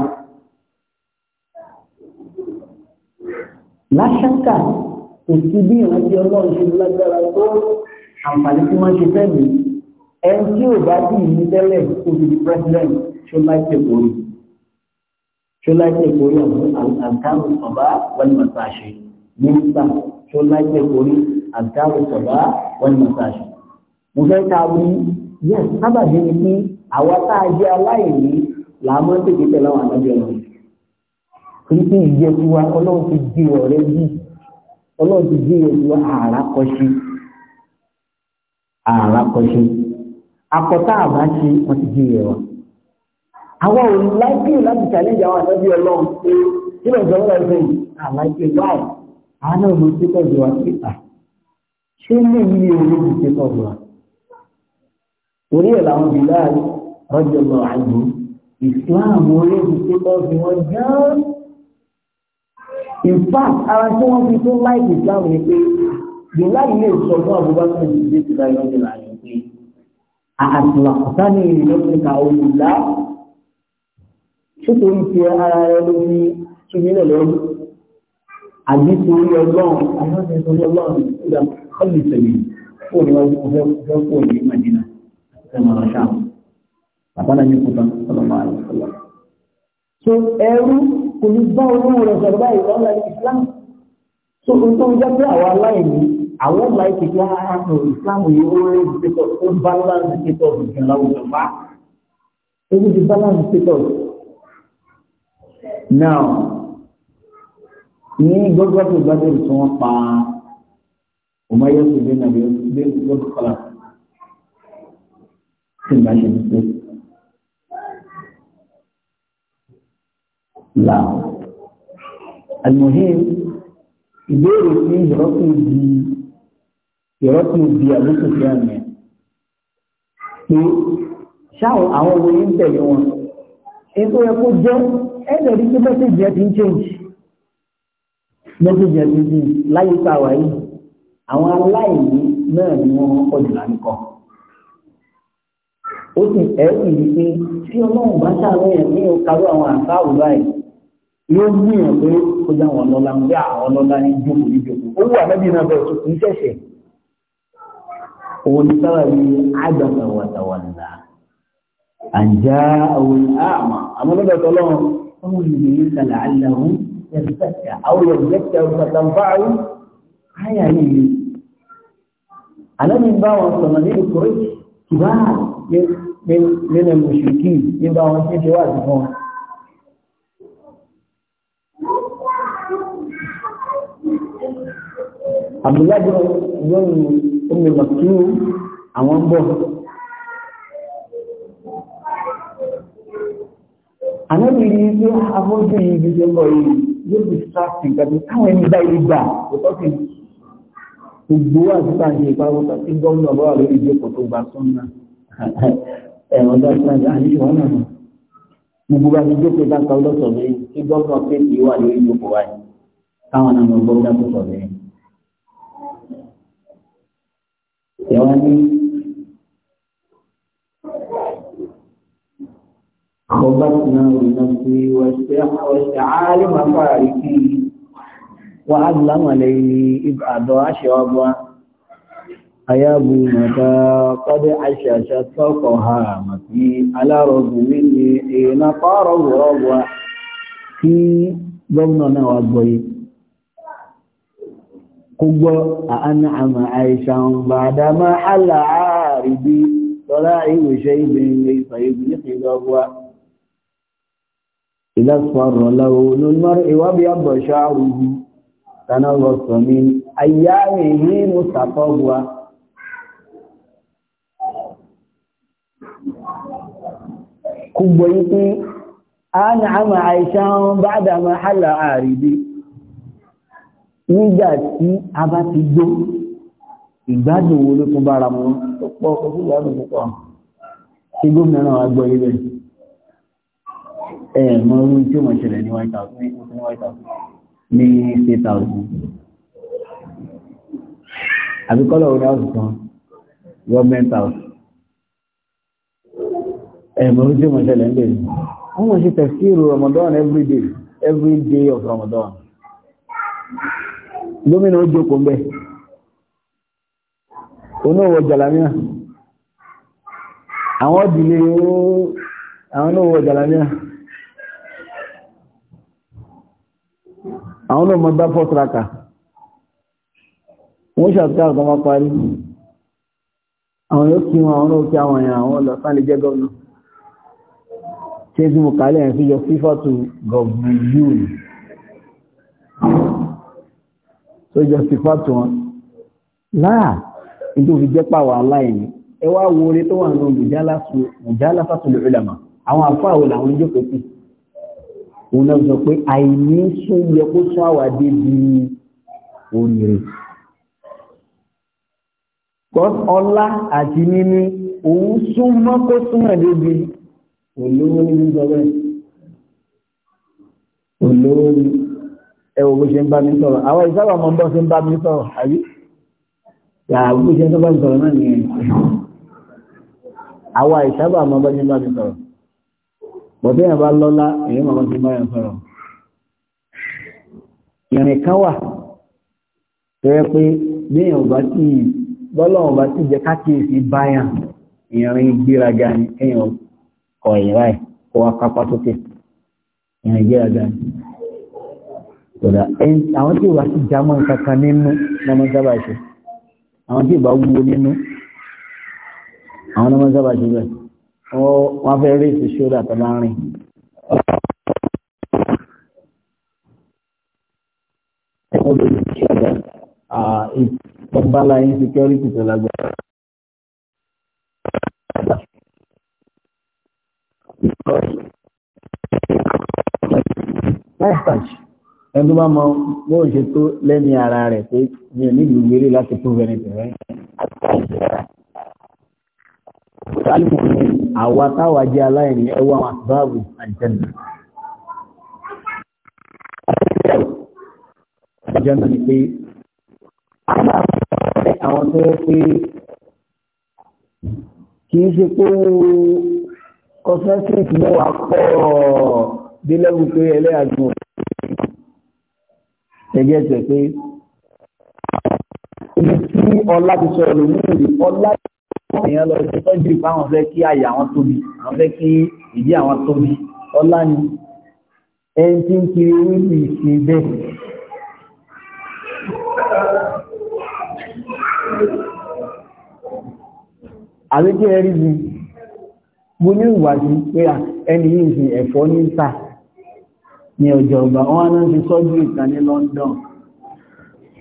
láṣáká kò sí bí ìrántí ọlọ́run ṣe lágbára tó àǹfààní tí wọ́n ṣe fẹ́mi ẹni tí ò bá bí ìlú tẹ́lẹ̀ kó di president ṣó láìpẹ́ kórè ṣó láìpẹ́ kórè àwọn àǹkárò ọ̀bá wọ́n mọ̀ sáà ṣe mínísítà ṣó láìpẹ́ kórè àǹkárò ọ̀bá wọ́n mo fẹ́ ká wí yẹn sábàbí ni pé àwa tá a jẹ́ aláìní là á mọ́ tètè tẹ̀lé àwọn àtàjọ rẹ̀ torí pé ìjẹkù wa ọlọ́run ti di ọ̀rẹ́ bí ọlọ́run ti di ẹ̀jú ààrá kọ́ṣe ààrá kọ́ṣe akọta àbá ṣe wọ́n ti di ẹ̀wà àwọn òun láìpẹ́ láti challenge àwọn àtàjọ ọlọ́run pé kí lọ́jọ́ ọlọ́run fẹ́ yìí àláìpẹ́ báyìí àwọn náà ló ṣe tọ́jú wa pé à ṣé lè ní èrè ìṣe tọ́jú wa torí ẹ̀ làwọn Bilal radiyallahu anhu Islam orí ibi tí wọ́n fi wọ́n jẹun in fact ara tí wọ́n fi tó láì Islam ni pé Bilal lè sọ fún Abubakar ìdílé ti bá yọjú láàyè pé àtìwà kọ̀tà ní ìlọ́sìnkà olùlá nítorí ti ara rẹ ló fi túnmílẹ̀ lọ́rùn àbí torí ọlọ́run àwọn ọ̀sẹ̀ torí ọlọ́run ìgbà kọ́lù ìṣẹ̀lẹ̀ fún ìwájú fẹ́ fún ìmọ̀ nínú ẹ̀mọ̀ràn ṣáà àbára ní kúta ọlọ́mọ àlùfọ́lá. so ẹrú kò ní bá olóhùn rẹ̀ islam so n tó ń jẹ́ pé àwọn aláìní àwọn islam yìí ó rí ìdíkọ̀ ó balance status nǹkan láwùjọ bá ti balance status. now ní gbọ́dọ̀ tó gbàdúrà tí wọ́n pa ọmọ yẹn tó dé nàbẹ́ gbọ́dọ̀ tí ìgbà ṣe ń pè là àlùmọ̀hìn ìbéèrè sí ìrọ́pìn di ìrọ́pìn di àlùsùfẹ́ àmì pé ṣáwọn àwọn owó yìí ń tẹ̀lé wọn ètò ẹ̀kọ́ jẹ́ ẹ̀rẹ̀ rí pé mẹ́sẹ̀jì ẹ̀ ti ń change mẹ́sẹ̀jì ẹ̀ ti ń change láyé sáwà yìí àwọn aláìní náà ni wọ́n kọ́ jù lánìkan ó sì ẹ̀ ó sì rí pé tí ọlọ́run bá ṣàlẹ́ ẹ̀ ní ọkàrọ̀ àwọn àṣàrò báyìí yóò gbìyàn pé ó já wọn lọ́la ń gbé àwọn lọ́la ní jókòó ní jókòó ó wà lẹ́bí náà bẹ̀rẹ̀ tuntun ṣẹ̀ṣẹ̀ òun ni sábà ní àgbàgbà wàtàwàlà àjá àwọn àmà àmọ́ lọ́dọ̀ tọ́lọ́run wọ́n mú ìlú yìí kalẹ̀ àlàrún yẹ̀sítàkà àwọn yẹ̀sítàkà fàtàǹfààrù áyà yìí alẹ́ mi bá wọn sọ̀rọ̀ nínú kòrè kìbáà nínú mùsùlùkì nígbà wọn tí ń ṣe wà sí fún wọn. àbúlájọ yọrù omi màkú àwọn ń bọ̀. ànábì ní pé afọ́jú yìí fi ṣe ń bọ̀ yìí yóò fi sáàtì gàdú táwọn ẹni bá ilé gbà ń ṣe ìpàgọ́ta tí gómìnà bọ́wà lórí ìjókòó tó gbà sọ́nà ẹ̀rọ dọ́kítà ní àníṣe wọn nàá gbogbo bá ti jókòó dáka ọlọ́sọ̀ mi kí gbọ́dọ̀ pé kì í wà lórí ìjókòó wáyé káwọn náà mọ̀ gbọ́dọ̀ dáko sọ̀ mi. ẹ̀wọ́n ní خبطنا بنفسي واستعالم فارقي وعلم ليلي إبعاد وأشرب أيابي متى قد عششت فوق هامتي على رب مني حين طار الروى في ضمننا وضي قوة أنعم عيشا بعدما حل عاربي طلائع شيب ليس يبلغ ضوى إذا اصفر لون المرء وابيض شعره تنغص من أيامه مستقوى kò gbọ́ yí pé a ní àmà àìṣà bá dàmà hálà àrídé nígbà tí a bá ti gbó ìgbádùn wo ló tún bára mọ́ tó pọ̀ kó sí ìgbádùn púpọ̀ tí gómìnà wa gbọ́ ibẹ̀ ẹ̀ mọ́ orí government house ẹ̀mọ̀ tí mo ṣẹlẹ̀ ń wọ́n mọ̀ sí tẹ̀síìrù Ramadan every day every day of Ramadan gómìnà ó jókòó ń bẹ̀ oníwọ̀ jàlámíà àwọn ìdílé àwọn oníwọ̀ jàlámíà àwọn oníwọ̀ mọ̀ bá fọ́tìráka wọ́n ṣàtúkà ọ̀tọ́ wọn parí àwọn yóò kí wọn àwọn oníwọ̀ àwọn èèyàn àwọn ọlọ́sán lè jẹ́ gómìnà ṣéjú mú kalẹ̀ ń fi yọ sífọ́tù gọ̀ọ̀gbìyùn tó yọ sífọ́tù wọn láà nítorí fi jẹ́ pàwọ̀ aláìní ẹ wá wo orí tó wà ní mùjálá sátúlù ìlàmà àwọn àfáàwò làwọn jókòó sí òun náà sọ pé àìní sún yẹ kó sún àwàdé di oríire ọlá àti níní òun sún mọ́ kó súnmọ́ débi olówó ní gbígbọ́ bẹ́ẹ̀ olówó ní ẹwọ bó ṣe ń bá mi sọ̀rọ̀ àwọn ìsábà mọ́ bọ́ ṣe ń bá mi sọ̀rọ̀ àbí yàrá bó ṣe ń bá mi sọ̀rọ̀ náà nìyẹn àwọn ìsábà mọ́ bọ́ ṣe ń bá mi sọ̀rọ̀ bọ̀dé yẹn bá lọ́lá èyí mọ̀ ti bá yẹn sọ̀rọ̀ ìrìn kan wà tó yẹ pé bí èèyàn bá tí bọ́lọ́run bá tí jẹ́ káàkiri sí báyà ìrìn gbéraga ni kéèyàn kọ ẹ̀yìn báyìí kó wá kápá tó tè nàìjíríà gan kódà àwọn tí ìwà ti jámọ́ kankan nínú lọ́mọ sábà ṣe àwọn tí ìbá wúwo nínú àwọn lọ́mọ sábà ṣe bẹ́ẹ̀ wọ́n fẹ́ rí èsì ṣódà tó láàrin ìtọ́gbálá insecurity tó lágbára mọ́tàjì ẹni tó bá mọ bó ń ṣe tó lẹ́ni ara rẹ̀ pé mi ò nílùú wéré láti tó bẹni tẹ̀rẹ́ àwa táwa jẹ́ aláìní ẹwà àbáàbù àjẹ́nà àjẹ́nà ni pé àwọn tó yẹ pé kì í ṣe pé cosmetic ló wà pọ̀ délẹ́wù pé ẹlẹ́yàgbọ́n ẹgẹ́ tẹ̀ pé ibi tí ọlá ti sọ̀rọ̀ lórí ìlú ọlá èèyàn lọ sí tọ́jú ìpá àwọn fẹ́ kí àyà àwọn tóbi àwọn fẹ́ kí ìdí àwọn tóbi ọlá ni ẹni tí ń kiri wíìlì sí bẹ́ẹ̀. àbíkí ẹ mi mo ní ìwádìí pé ẹni yìí ń sin ẹ̀fọ́ ní ìta ní ọjọ́ ọgbà wọn náà ti sọ́jú ìkan ní London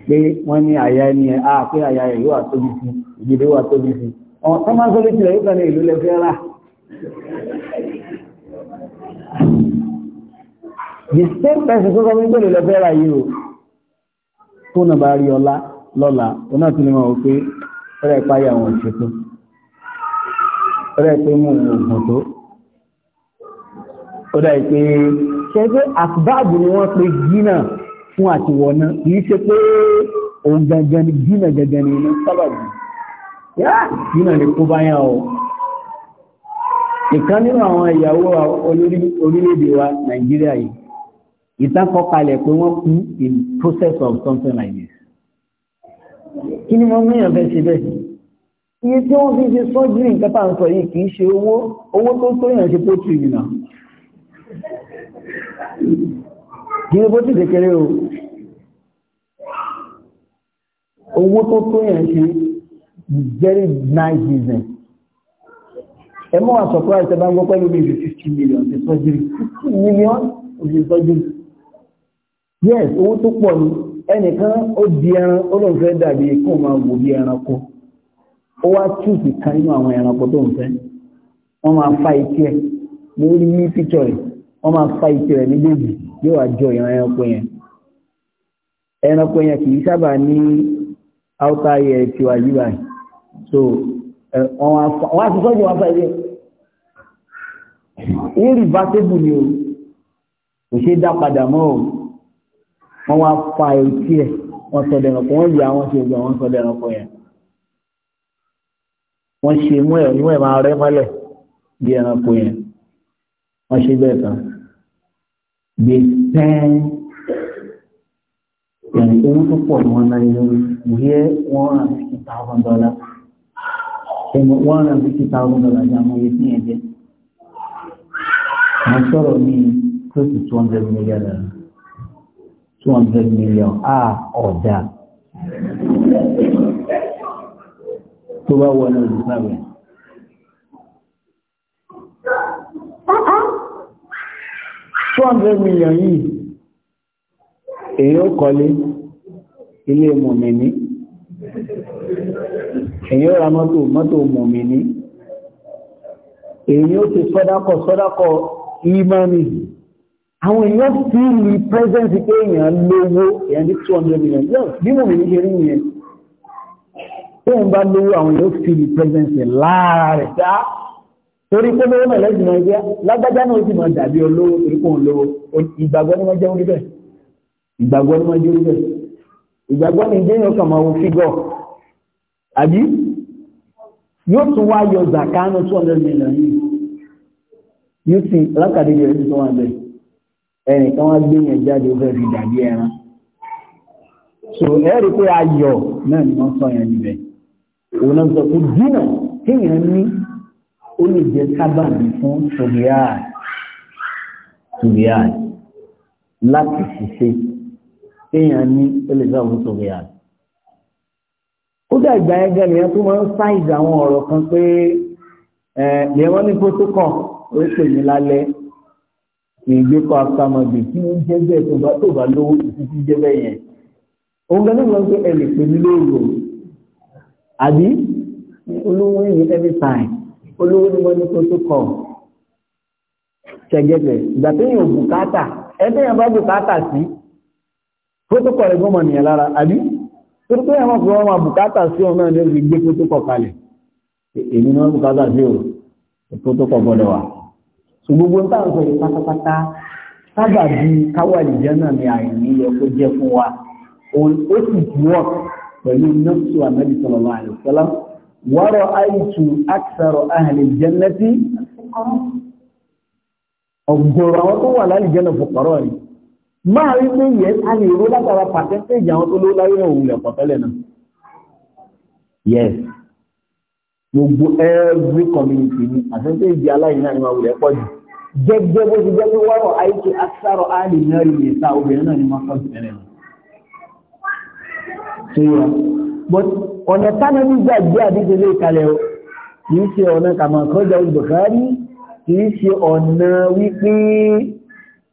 pé wọ́n ní àyà ẹni ẹ̀ á pé àyà ẹ̀ yóò àtóbi sí ìdílé wà tóbi sí ọ̀n tó máa ń sọ́jú ìtìlẹ̀ yóò kàn ní ìlú lẹ́fẹ́ rà the same person tó sọ fún lẹ́fẹ́ rà yìí o tó nà bá rí ọlá lọ́la òun náà tún wọn ò pé fẹ́rẹ̀ páyà wọn ò ó dá ìpé mú ògùn tó ó dá ìpé ṣe pé àkùbáàbù ni wọ́n pe gínà fún àti wọ̀ná kìí ṣe pé òun gangan ni gínà gangan ni inú sábàbù yá gínà lè kó báyà o ìkan nínú àwọn ìyàwó orílẹ̀-èdè wa Nàìjíríà yìí ìtàkọ́kalẹ̀ pé wọ́n kú in process of something like this kí ni wọ́n mú èèyàn fẹ́ ṣe bẹ́ẹ̀ iye tí wọ́n fi ṣe sọ́jírì nǹkan tá à ń sọ yìí kìí ṣe owó owó tó tó yàn ṣe pótù ìrìnà kìí pótù kékeré o owó tó tó yàn ṣe very nice business ẹ mọ́ wà surprise ẹ bá ń gbọ́ pẹ́lú bí i fifty million ṣe sọ́jírì fifty million ṣe sọ́jírì yes owó tó pọ̀ ni ẹnìkan ó di ẹran ó lóun fẹ́ dàbí kó máa wò bí ẹranko ó wá túùsì kan nínú àwọn ẹranko tó ń fẹ́ wọ́n máa fa etí ẹ̀ lórí ní píkṣọ̀ rẹ̀ wọ́n máa fa etí rẹ̀ méjèèjì yóò wá jọ ìran ẹranko yẹn ẹranko yẹn kì í sábà ní outer ear tiwa yìí báyìí so wọ́n á ti sọ́jú wọn fa etí ẹ̀ irreversible ni o kò ṣe dá padà mọ́ o wọ́n wá fa etí ẹ̀ wọ́n sọ̀dẹ̀rànpọ̀ wọ́n yà wọ́n ṣe gbà wọ́n sọ̀dẹ̀rànpọ̀ yẹn wọ́n ṣe mú ẹ̀ mú ẹ̀ máa rẹ́ mọ́lẹ̀ bí ẹranko yẹn wọ́n ṣe bẹ́ẹ̀ tán gbé pẹ́ẹ́n ìrìn owó tó pọ̀ ní wọn náà ní wíyẹ́ wọ́n rà fifty thousand dollar ẹnu wọ́n rà fifty thousand dollar ní àwọn iye tí yẹn jẹ́ wọ́n sọ̀rọ̀ ní close to two hundred million two hundred million ah ọ̀dà. Oh, tó bá wọ ní òjò sáà rẹ̀. two hundred million yìí èyí ó kọ́lé ilé mọ̀mìnì èyí ó ra mọ́tò mọ́tò mọ̀mìnì èyí ó ti sọ́dákọ̀ sọ́dákọ̀ ìmọ̀mì àwọn èèyàn feel the presence pé èèyàn lówó èèyàn ní two hundred million yes bí mọ̀mìnì ṣe rí yẹn tóun bá lówó àwọn yóò fi lè pẹ́sẹ̀nsì lára rẹ̀ dá torí pé lówó náà lẹ́sìn náà jẹ́ lágbájá náà sì máa dàbí olówó torí pé òun lówó ìgbàgbọ́ ni wọ́n jẹ́ orí bẹ́ẹ̀ ìgbàgbọ́ ni wọ́n jẹ́ orí bẹ́ẹ̀ ìgbàgbọ́ ni jẹ́ yóò kàn máa wo fígọ̀ àbí yóò tún wá yọ zakano two hundred million yìí yóò ti lákàdé yẹn tó wà bẹ́ẹ̀ ẹnìkan wá gbé yẹn jáde ó fẹ́ fi dàbí ẹran so ẹ̀rí pé ayọ̀ náà ni wọ́n sọ yẹn níbẹ̀ òun náà sọ pé dínà kéèyàn ní ó lè jẹ sábàbí fún ṣùgbìyàn ṣùgbìyàn láti ṣiṣẹ́ kéèyàn ní ó lè sábàbí fún ṣùgbìyàn. kódà ìgbà ẹgbẹ́ nìyẹn tó máa ń ṣáìsì àwọn ọ̀rọ̀ kan pé ẹ̀ẹ́dẹ̀ wọ́n ní protocol ó pè mí lálẹ́ ìgbékọ̀ àtàmọ̀dé tí ó ń jẹ́ bẹ́ẹ̀ tó bá lówó títí jẹ́ bẹ́ẹ̀ yẹn. òun gan-an ló ń pẹ́ ẹ̀ lè pè mí lóòrò àbí olówó yìí every time olówó ni wọ́n ní protocol ṣẹ̀gẹ̀dẹ̀ ìgbà tó yàn bùkátà ẹgbẹ́ yàn bá bùkátà sí protocol rẹ̀ gbọ́mọ̀ nìyẹn lára àbí protocol yàn máa fi wọ́n máa bùkátà sí ọ̀nà ní orí gbé protocol kalẹ̀ èmi ni wọ́n bùkátà sí o protocol gbọ́dọ̀ wà ṣùgbọ́n gbogbo nǹkan sọ yìí pátápátá sábà bíi káwá ìjẹ́ náà ni àìní yẹ kó jẹ́ fún wa pẹ̀lú nọ́ọ̀sù ànábì sallallahu alaihi wasallam wa ra'aytu akthara ahli al-jannati ọ̀gọ̀rọ̀ àwọn tó wà lálìjẹ́nà fòkọ̀rọ̀ ni máa rí pé yẹ a lè ró látara pàtẹ́ntẹ́jì àwọn tó every community ni pàtẹ́ntẹ́jì aláìní náà ni wọ́n wulẹ̀ pọ̀ jù gẹ́gẹ́ bó ti jẹ́ pé wọ́rọ̀ àìsí àṣàrọ̀ sí but ọ̀nà tánà ní gbàgbé àdíjẹ lè kalẹ̀ o kìí ṣe ọ̀nà kàmàkọ́jà Bukhari kìí ṣe ọ̀nà wípé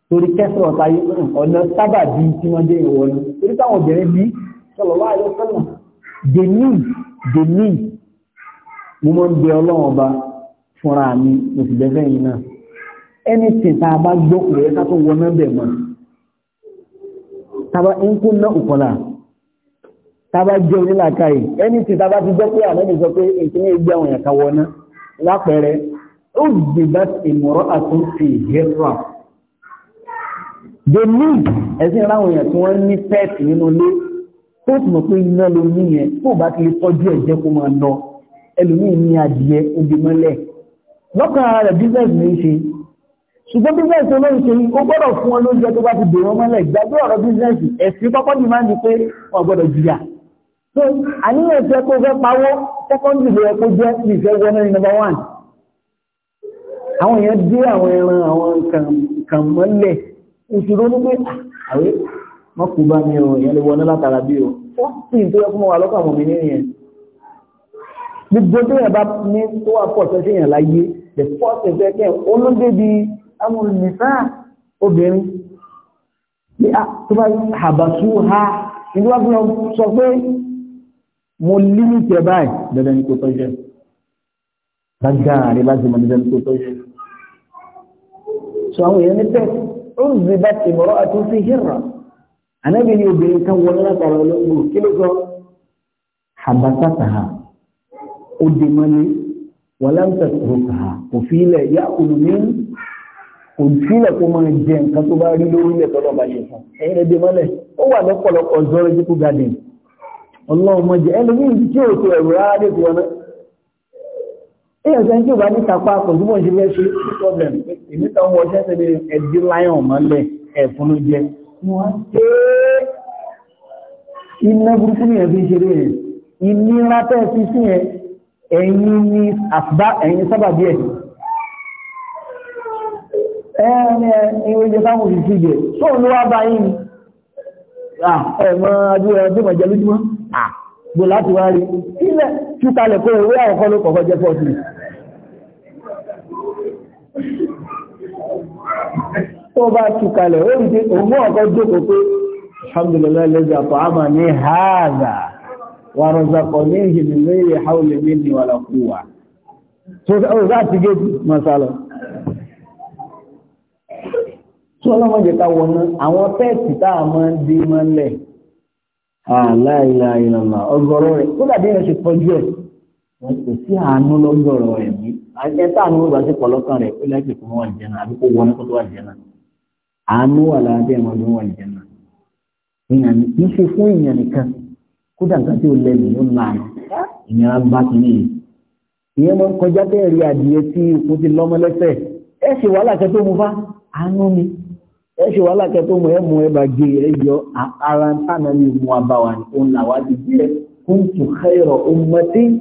torí kẹsàn ọ̀tá ọ̀nà sábà bí tí wọ́n dé ìwọ̀n ní torí táwọn obìnrin bí sọ̀lọ́wọ́ àyọ́sọ́nà dèní dèní mo máa ń bẹ ọlọ́run ọba fúnra mi mo sì bẹ́ tába jẹ́ onílàkà yìí ẹni tí tába ti gbọ́ pé àlẹ́ni sọ pé ìkíní ìgbé àwọn ẹ̀ka wọná lápẹẹrẹ ó gbìgbà ìmọ̀rọ̀ àtúnṣe hẹ́fà the need ẹ̀sìn ráwọn èèyàn tí wọ́n ní pẹ́ẹ̀tì nínú ilé tó sì mọ̀ pé iná ló ní yẹn tó bá ti lè tọ́jú ẹ̀jẹ̀ kó máa lọ ẹlòmíì ní adìyẹ oge mọ́lẹ̀ lọ́kàn ara rẹ̀ business ní í ṣe ṣùgbọ́n business olóyìn ṣe ó gbọ́dọ̀ fún wọn lóúnjẹ tó bá ti dè wọ́n mọ́lẹ̀ gbàgbé ọ̀rọ̀ business ẹ̀sìn kọ́kọ́ ni máa ń di pé wọ́n gbọ́dọ̀ jìyà so àníyàn jẹ́ kó fẹ́ pawọ́ secondary ló yẹ kó jẹ́ ìfẹ́ wọnà number one àwọn èèyàn dé àwọn ẹran àwọn nǹkan mọ́lẹ̀ ìṣòro ní pé ah, àwẹ́ mọ́kù bá mi o ìyẹn lè wọná látara bí o fọ́sí tó yẹ kó mọ́ wà lọ́kọ̀ àwọn òmìnir yẹn gbogbo tó yẹ bá ní tó wà pọ̀ sẹ́sẹ́ yẹn láyé the first ẹgbẹ́ kẹ́ olóńgbé di amúnisá obìnrin ah, tó bá àbàtú ha ìlú wa fi sọ pé mo límìtì ẹ̀ báyìí dandan ní kò tọ́jú ẹ̀ gbàgbà rẹ̀ bá ti mọ̀ dandan ní kò tọ́jú ẹ̀ sọ àwọn èèyàn níbẹ̀ ó ń zi bá ti mọ̀rọ̀ àti fi hìrà ànábì ni obìnrin kan wọlé látara olóńgbò kí ló sọ habasataha ó di mọ́lé wàlámsà tòrókàá kò fi ilẹ̀ yá olùmí kò fi ilẹ̀ kó máa jẹ nǹkan tó bá rí lórí ilẹ̀ tọ́lọ́ bá ṣe fún ẹ̀yin ẹ̀dẹ̀ mọ́lẹ̀ ó wà lọ́pọ̀lọpọ̀ zoological garden ọlọ́run mọ̀jẹ̀ ẹlòmíì ibi tí òkú ẹ̀rù rárá lè fi ọ̀nà èèyàn sẹ́ni tí ò bá ní kápá kò túbọ̀ ṣe fẹ́ ṣe problem èmi tán wọ ṣẹ́ sẹ́ni ẹ̀dí láyọ̀n mọ́lẹ̀ ẹ̀fún ló jẹ wọ́n ṣe iná burúkú yẹn fi ṣeré yẹn ìnira tẹ́ fi sí yẹn ẹ̀yin ní àfbá ẹ̀yin ìwé jẹ sáwọn òṣìṣẹ́ jẹ wá báyìí ẹ̀mọ́ adúlọ̀ ẹ̀dúnmọ̀ jẹ lójúmọ́ gbò láti wá rí sílẹ̀ túkalẹ̀ kó ìwé àwọ̀kọ́ ló kọ̀kọ́ jẹ́ fọ́tí tó bá túkalẹ̀ ó rí pé òun ọ̀kọ́ jókòó pé alhamdulillah lẹ́sí àpọ̀ àmà ní hàádà wà rọ̀zàkọ̀ ní ìhìnlẹ̀ ìrẹ̀ haúlẹ̀ ní tí ọlọ́mọdé ta wọnú àwọn tẹ́ẹ̀tì táà máa ń dé lẹ̀ àláìlà ìlànà ọgọ́rọ̀ rẹ̀ tó dàbí ẹ̀ṣẹ̀ pọ̀jú ẹ̀ wọ́n kò sí àánú lọ́gọ́rọ̀ ẹ̀ mí ẹ̀ta àánú ló bá sí pọ̀lọ́kàn rẹ̀ pé láti fún wọn jẹ́nà àbí kó wọn kó tó wà jẹ́nà àánú wà láti ẹ̀mọ́ ló wà jẹ́nà kì í ṣe fún èèyàn nìkan kódà nǹkan tí ó lẹ́nu ló nà án bá ti ní ìyẹn mọ́ kọjá tẹ́ẹ̀rí adìyẹ tí ikú ti lọ́mọ lẹ́sẹ̀ ṣe wàhálà kẹ́ tó mu bá àánú ni ẹ̀ṣẹ̀ wà lákẹ́ tó mọ̀ ẹ̀mù ẹ̀bà gé ẹjọ́ ara tánà ní mú àbáwà ní òun làwà ti jẹ́ kuntu khayra ummatin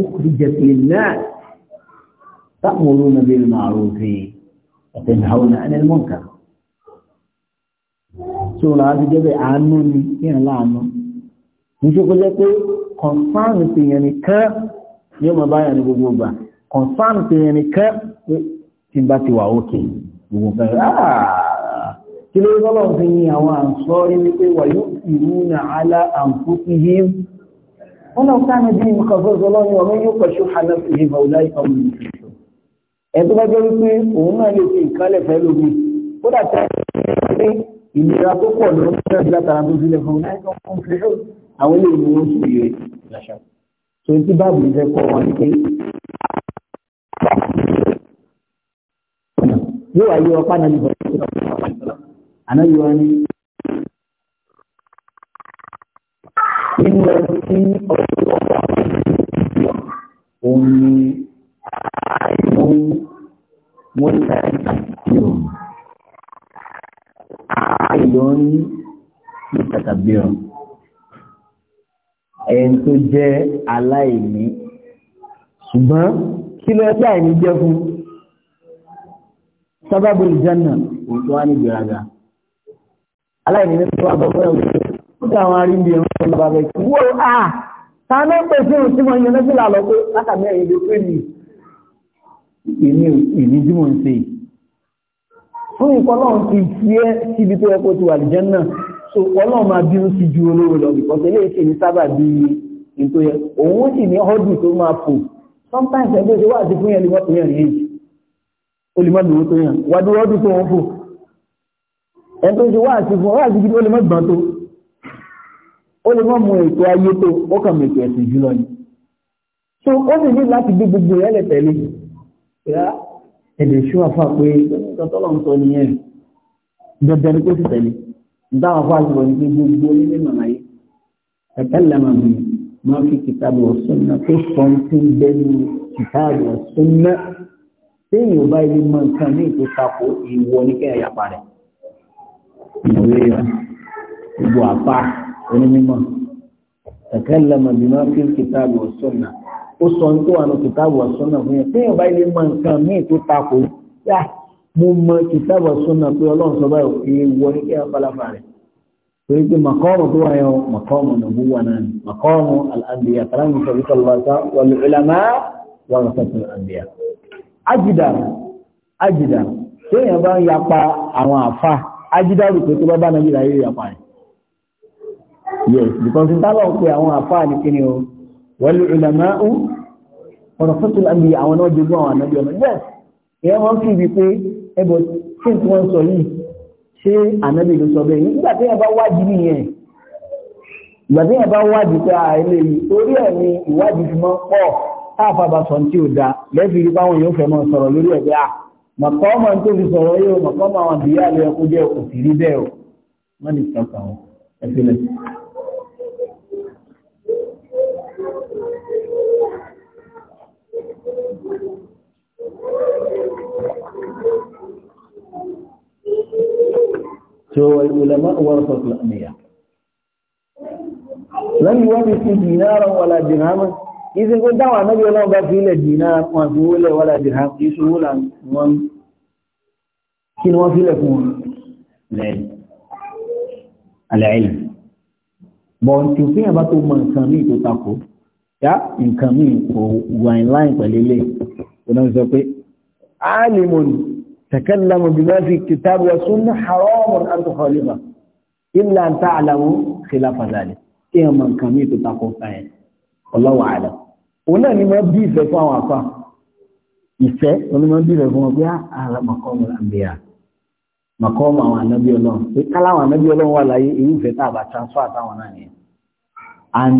ukhrijat lin-nas ta'muruna bil-ma'rufi wa tanhawna 'anil munkar tí ó làwà ti jẹ́ bẹ́ẹ̀ àánú ni kí ẹ̀ láàánú ní pé kọ̀nfáàmù ti yẹn ni kẹ́ yóò máa báyà ní gbogbo gbà kọ̀nfáàmù ti yẹn ni kẹ́ pé tí ti wà ókè gbogbo fẹ́ ah kí ló tọ́lọ̀ fi yin àwọn àǹsọ́rí wípé wà yóò ìrú na alá àǹfúkí yìí wọ́n náà sáàmì bí nǹkan fẹ́ sọ́lọ́ ní ọmọ yóò pẹ̀ṣù hànà fi hì bá ọlá ìfà mú ẹ̀tọ́ bá jẹ́ wípé òun náà lè fi ìkálẹ̀ fẹ́ lómi yóò wáyé ọpá náà nígbà tó ànábì wa ní nínú ẹni tí ọ̀pọ̀ ọ̀pọ̀ òun ni àwọn wọ́n ń tẹ̀lé ìtàkìrò àìlọ́ ní ìtàkàbíọ̀ ẹni tó jẹ́ aláìní ṣùgbọ́n kí ló ẹgbẹ́ àìní jẹ́ fún sábàbù ìjánà òun tó wá ní ìgbéraga aláìní ní tó àbọ̀ fún ẹ̀wọ̀n tó kí àwọn arí bí ẹ̀rọ ìjọba rẹ̀ kí wọ́n á ta ní pè fún òsì wọn yẹn lọ́sílà lọ pé látàmì ẹ̀yìn ló pé mi èmi èmi tí mo ń ṣe fún ìkọ́ náà ti fi ẹ́ síbi tó yẹ kó ti wà lìjẹ́ náà so ọlọ́run máa bínú sí ju olówó lọ bìkọ́sẹ̀ lè ṣe ní sábà bí ètò yẹn òun sì ní ọ́dù tó máa fò sometimes ẹgbẹ́ ìṣe wà sí fún yẹn lè mọ́ tó yẹn rí èyí olùmọ́dúnrún ẹni tó ń ṣe wáàsí fún wáàsí gidi ó lè má gbọ́n tó ó lè má mú ètò ayé tó ó kàn mú ètò ẹ̀sìn jùlọ ni so ó sì ní láti gbé gbogbo ẹ̀ lẹ̀ tẹ̀lé ẹ̀dẹ̀ ṣú pé tọ́lọ́ ni kó sì tẹ̀lé dáhùn àfa àti wọ̀nyí pé gbogbo nílé màmá yìí ẹ̀kẹ́ lẹ́mọ̀ mi máa fi kìtàbù ní ìtòsàkó ìwọ ní ìwé gbogbo àpá onímọ̀ takallama bima fil kitabi was sunnah ó sọ ní tó wà ní kitabi was sunnah fún yẹn téèyàn bá ilé mọ nǹkan míì tó takò yá mo mọ kitabi was sunnah pé ọlọ́run sọ báyìí kì í wọ ní kéèyàn falafa rẹ̀ torí pé maqamu tó wà yẹn maqamu náà ni maqamu al-anbiya kàlámù sọ̀rọ̀ sọ̀rọ̀ ajídárù pé tó bá bá nàìjíríà yóò yà pààyàn yes because in tábà ń pe àwọn àfáà ní kíni o wal ulama'u warasatul anbiya àwọn náà jogún àwọn ànábì yes ìyẹn wọn fi ibi pé ẹbọ tí tí wọn sọ yìí ṣé ànábì ló sọ bẹ́ẹ̀ nígbà tí yẹn bá wádìí nìyẹn ìgbà tí yẹn bá wádìí pé àìlè ah, yìí torí ẹ̀ ni ìwádìí fi mọ́ pọ̀ táàfà bá sọ ní tí ò da lẹ́fìrí báwọn yóò fẹ́ mọ́ sọ̀rọ̀ lórí ẹ̀ pé ah, màkọ́mà tó fi sọ̀rọ̀ yìí o màkọ́mà àwọn àbíyá lè ọkọ̀ jẹ́ òsìrí bẹ́ẹ̀ o wọ́n ní kàkà wọn ẹ̀fílẹ̀. سوى العلماء ورثة الأنبياء لم يورث دينارا ولا درهما ìsìnkú dáwọn anábí ọlọ́run bá fi ilẹ̀ dìínà wọn fi wólẹ̀ wọ́lá dìínà iṣu wólà wọn kí ni wọ́n fi ilẹ̀ fún wọn lẹ́yìn alẹ́yìn bọ̀ tí ó fíyàn bá tó mọ nǹkan míì tó takò yá nǹkan míì kò wà ní láì pẹ̀lú ilé sọ pé alimun takallamu bima fi kitab wa sunna haramun an tukhalifa illa an ta'lamu khilafa kí ni nǹkan míì tó takò fáyẹn Allahu a'lam òun náà ni mo bí ìfẹ́ fún àwọn àfa ìfẹ́ òun ni mo bí ìfẹ́ fún wọn pé ààrẹ màkọ́mù àbíyà màkọ́mù àwọn ànábí ọlọ́run pé káláwọn ànábí ọlọ́run wà láyé irú ìfẹ́ tá a bá transfer táwọn náà yẹn and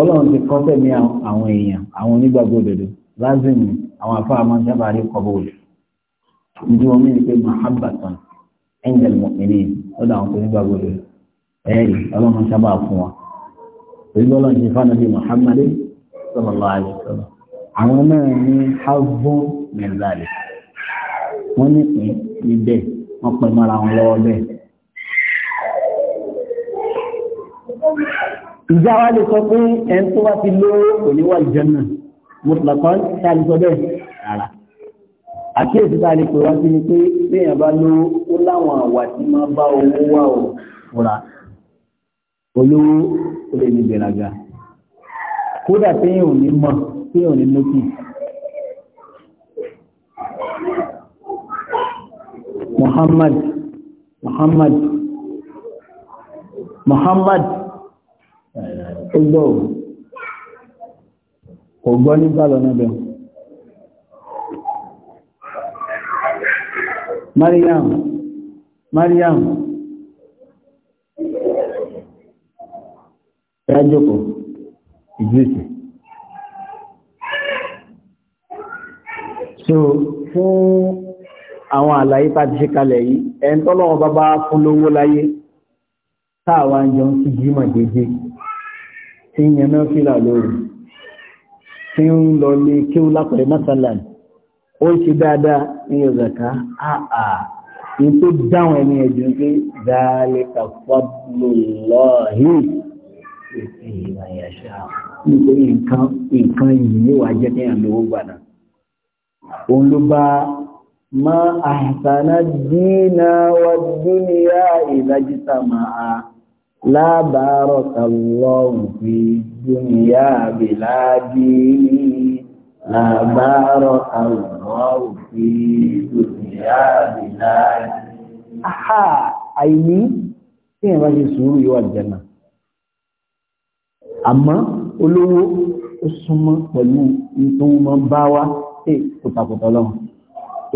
ọlọ́run ti kọ́ tẹ̀mí àwọn èèyàn àwọn onígbàgbọ́ òdodo lazim àwọn àfa àmọ́ sábà rí kọ́ bóòlù ǹjẹ́ wọn mìíràn pé mahabbatan angel mọ̀mìnì lọ́dọ̀ àwọn onígbàgbọ́ òdodo ẹ̀ẹ́dì ọlọ́run sábà fún wọn ìgbọ́lọ̀ ní fánàbí Muhammadin sallallahu alaihi wasallam àwọn náà ní hazo mẹ́zàlì wọ́n ní pín níbẹ̀ wọ́n pẹ̀ mọ́ra wọn lọ́wọ́ bẹ́ẹ̀. ìjà wa lè sọ pé ẹni tó wá ti lówó kò ní wà ìjẹ́nà mọ́tòlákan tá a lè sọ bẹ́ẹ̀ rárá àkíyèsí tá a lè pè wá sí ni pé béèyàn bá lówó ó láwọn àwà máa bá owó wà ó fura olówó ó lè ní ìgbéraga kódà téèyàn ò ní mọ̀ téèyàn ò ní nókì. Muhammad Muhammad Muhammad ó gbọ́ ò kò gbọ́ ní bàlọ́ náà bẹ̀rù. Mariam Mariam Rájòkó, ìgbésì. So, fún àwọn àlàyé tá ti ṣe kalẹ̀ yìí, ẹn tọ́lọ́wọ́ bá bá fún lówó láyé, táàwà ń jọ ń sí jímọ̀ dédé, tí ń yẹn náà fílà lórí, tí ń lọ lé kí ó lápẹ̀rẹ̀ mọ́sálàn, ó ṣe dáadáa ní ọ̀zàká, àà, ní tó dáwọn ẹni ìwà ìyàṣá nítorí nǹkan nǹkan yìí níwà jẹ́ ní àlówó gbàdá òun ló bá ma àṣànà dínà wà dúnìyà ìdájíta máa lábàárọ̀ kàlọ́rùn fi dúnìyà bìláàdì lábàárọ̀ kàlọ́rùn fi dúnìyà bìláàdì. àìní tí ìrìnàjò sùúrù yóò jẹ́ náà àmọ́ olówó ó súnmọ́ pẹ̀lú tó mọ́ bá wá ẹ̀ kòtàkòtà lọ́wọ́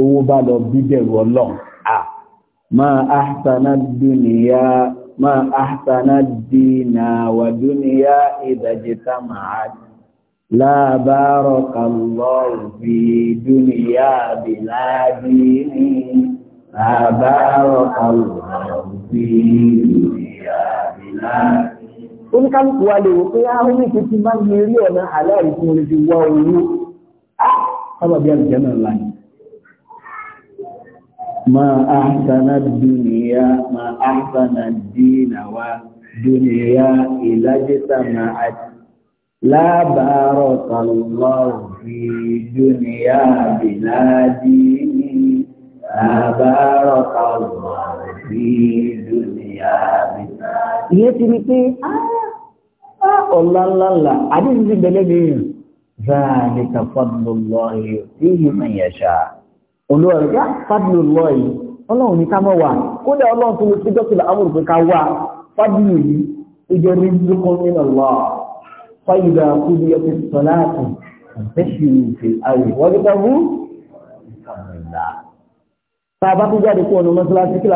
owó bá lọ bíbẹ̀rù ọlọ́run à máa àṣànà dúnìyà máa àṣànà dínà wà dúnìyà ìdàjẹta màá láàbárọ̀ kàlọ́ọ̀ fi dúnìyà bìláàdì ní láàbárọ̀ kàlọ́ọ̀ fi dúnìyà bìláàdì oníkálùkù wa lè wò pé àwọn ah, oníṣẹ́ ti máa ń lè rí ọ̀nà aláàrí fún olè fi wá owó ah, sábàbí àlùjẹ́nà ńlá ni. ma ahsana duniya ma ahsana dina wa duniya àti lábàárọ̀ tàlọ́wọ̀ fi duniya bìláàdì lábàárọ̀ tàlọ́wọ̀ fi duniya bìláàdì. ìyẹn ti ní pé áá. Ah, ọ̀làlàlà àdéhùn ti bẹ̀lẹ̀ bí yàn záàlì ka fadlullahi yìí man yasha olùwàlú yá fadlullahi ọlọ́run ní ká mọ̀ wá kódà ọlọ́run tó lè fi dọ́kítà amúrù pé ká wá fadlu yìí ìjọ rí dúkọ́ nínú lọ fàyídà kúbi ẹkú sọláàtì àtẹ̀síwì fi àwì wọ́n ti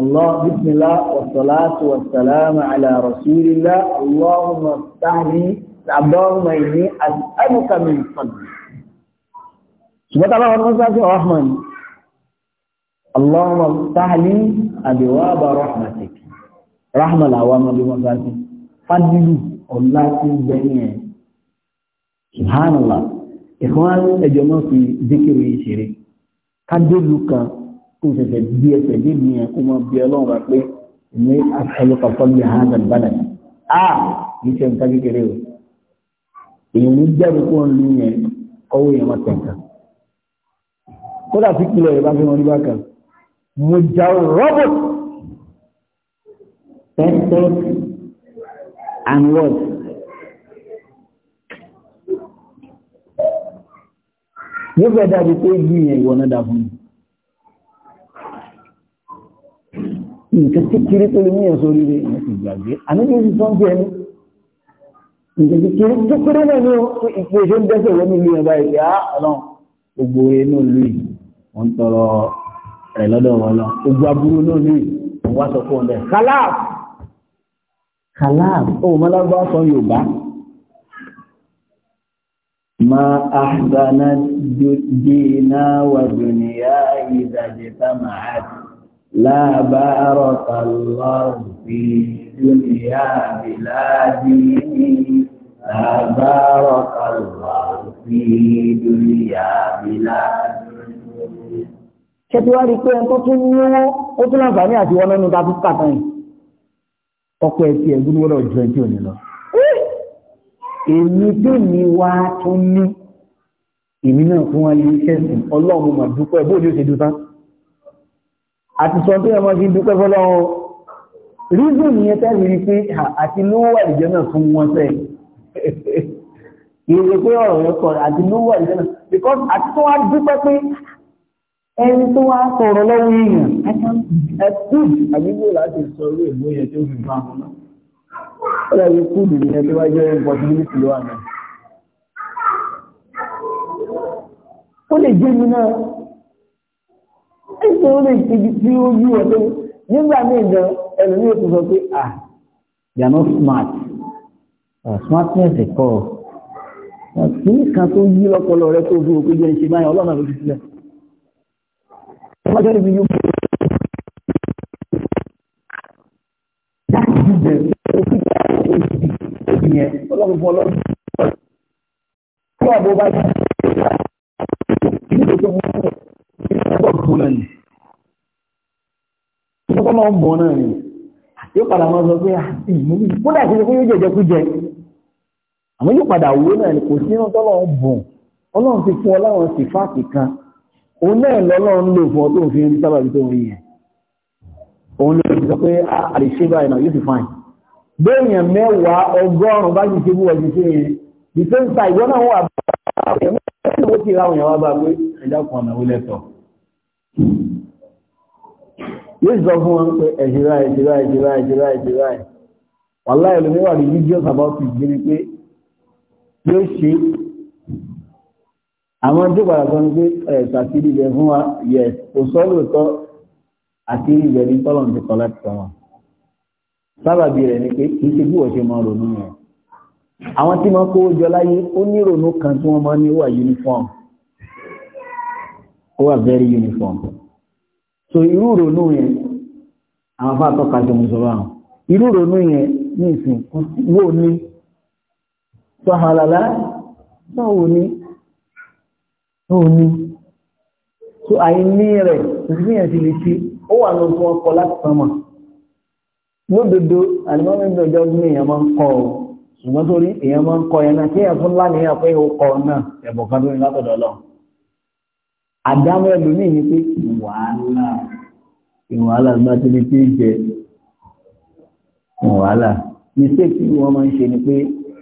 الله بسم الله والصلاة والسلام على رسول الله اللهم استعني اللهم إني أسألك من فضلك سبحان الله والرزاق الرحمن اللهم افتح أبواب رحمتك رحمة العوام بمزاجي فضلي الله في الدنيا سبحان الله إخوان أجمع في ذكر شريك كدلك kó tètè bí ẹsẹ̀ níbi yẹn kó máa bí ọlọ́run wá pé ní asàlùkà fọ́lì hàndà balẹ̀ a kì í ṣe nǹkan kékeré o èyí ní jáde kó ń lu yẹn ọwọ́ yẹn máa tẹ̀ka kódà sí kìlọ̀ yẹn bá fi wọn níbà kan mo jà ó rọ́bọ̀t pẹ́pẹ́ and what yóò fẹ́ dàbí pé bí yẹn ìwọ náà dà fún mi. nǹkan kékeré tó lè mú yẹn sórí rẹ̀ yẹn ti gbàgbé àníbi ó sì tán jẹ́ ní nǹkan kékeré kékeré náà ni ìpè ṣe ń dẹ́sẹ̀ wọ́n nílùú yẹn báyìí pé á ah, ọlọ́run gbogbo inú ìlú yìí wọ́n ń tọrọ rẹ̀ lọ́dọ̀ wọn lọ gbogbo aburú inú ìlú yìí sọ fún ọ̀dẹ̀ káláp káláp ó mọ́lábá sọ Yorùbá ما أحزنت دينا ودنيا إذا اجتمعت لا بارك الله في دنيا بلادي لا بارك الله في دنيا بلادي ṣẹ́tí wá rí pé ẹn tó tún ní wọ́n ó tún láǹfààní àti wọn lẹ́nu tá a tún kàtà yìí ọkọ̀ ẹ̀tì ẹ̀gbọ́n wọ́n lọ jọ ẹ̀tì òní lọ. èmi tó ní wá tún ní èmi náà fún wa ní iṣẹ́ ọlọ́run mà bóyá ó ṣe dùn àti sọ tó yẹmọ́ fi dúpẹ́ fọ́lọ́wọ́ rízùn ní ẹta rírí pé àti lówà ìjọ́nà fún wọn sẹ́ ìrò pé ọ̀rọ̀ rẹ̀ kọ̀ àti lówà ìjọ́nà because àti tó wá dúpẹ́ pé ẹni tó wá sọ̀rọ̀ lọ́wọ́ èèyàn ẹkùn àbígbò láti sọ orí ègbó yẹn tó fi máa wọn ó dàbí kúùdù ẹ̀sìn ó lè ṣebi tí ó yí ọ tó nígbà míì gan ẹlòmíì tó sọ pé ah they are not smart uh, smartness dey call kí kan tó yí lọ́pọ̀lọ́ rẹ tó bí o jẹ́ ìṣe báyìí ọlọ́run àbójú sílẹ̀ ọjọ́ níbi yóò ọlọ́run fún ọlọ́run tí ọ̀bọ̀ bá yá náà ni tọ́lọ́ ń bọ̀ náà ni yóò padà máa sọ pé ah, ìmúbi kódà kí ni kó yóò jẹjẹ kú jẹ àmọ́ yóò padà wó náà ni kò sí iná tọ́lọ́ ń bọ̀ ọlọ́run ti fún ọlọ́run sì fáàkì kan òun náà lọ́lọ́run lò fún ọ tó fi ń rí sábàbí tó rí yẹn òun ló ti sọ pé àlèṣe ah, báyìí náà yóò ti fáìn béèyàn mẹ́wàá ọgọ́rùn-ún bá ti ṣe bú ọdún sí yẹn the same time ìwọ náà wà bá àwọn ẹ̀mọ́ tí wọ́n ti ra àwọn èèyàn wá bá pé ẹ̀dá kan náà ó lẹ́tọ̀ọ́ yóò sọ fún wọn pé ẹ̀ṣìrá ẹ̀ṣìrá ẹ̀ṣìrá ẹ̀ṣìrá ẹ̀ṣìrá ẹ̀ wàlá ẹlòmíwà ní religious about it gbé pé yóò ṣe àwọn tó padà sọ ní pé ẹ̀ṣà sí fún wa yes kò sọ lóòótọ́ àti ilẹ̀ ní tọ́lọ̀n ti kọ́lá ti sọ́wọ́n sábàbí rẹ̀ ni pé kì í ṣe bí wọ́n ṣe máa ronú yẹn àwọn tí wọ́n kówó jọ láyé ó ní ronú kan tí wọ́n máa ní wà uniform ó wà very uniform so irú ìrònú yẹn àwọn afá tọ́ka jọ mùsùlùmí àwọn irú ìrònú yẹn ní ìsìn wò ní sọ̀hàlàlá náà wò ní náà wò ní so àìní rẹ̀ òṣìṣẹ́ yẹn ti lè ṣe ó wà lọ fún ọkọ̀ láti sánmà lódodo àlùmọ́nìdò ọjọ́ ní èèyàn máa ń kọ́ ọ ṣùgbọ́n torí èèyàn máa ń kọ́ ẹ̀ náà kí èèyàn fún láàrin àpẹ́ ìhòkọ́ náà ẹ̀bùn kan lórí látọ̀dọ̀ ọlọ́run àdámọ́ ẹlòmíì ni pé wàhálà ìwàhálà ló bá ti di pé jẹ wàhálà mistake tí wọ́n máa ń ṣe ni pé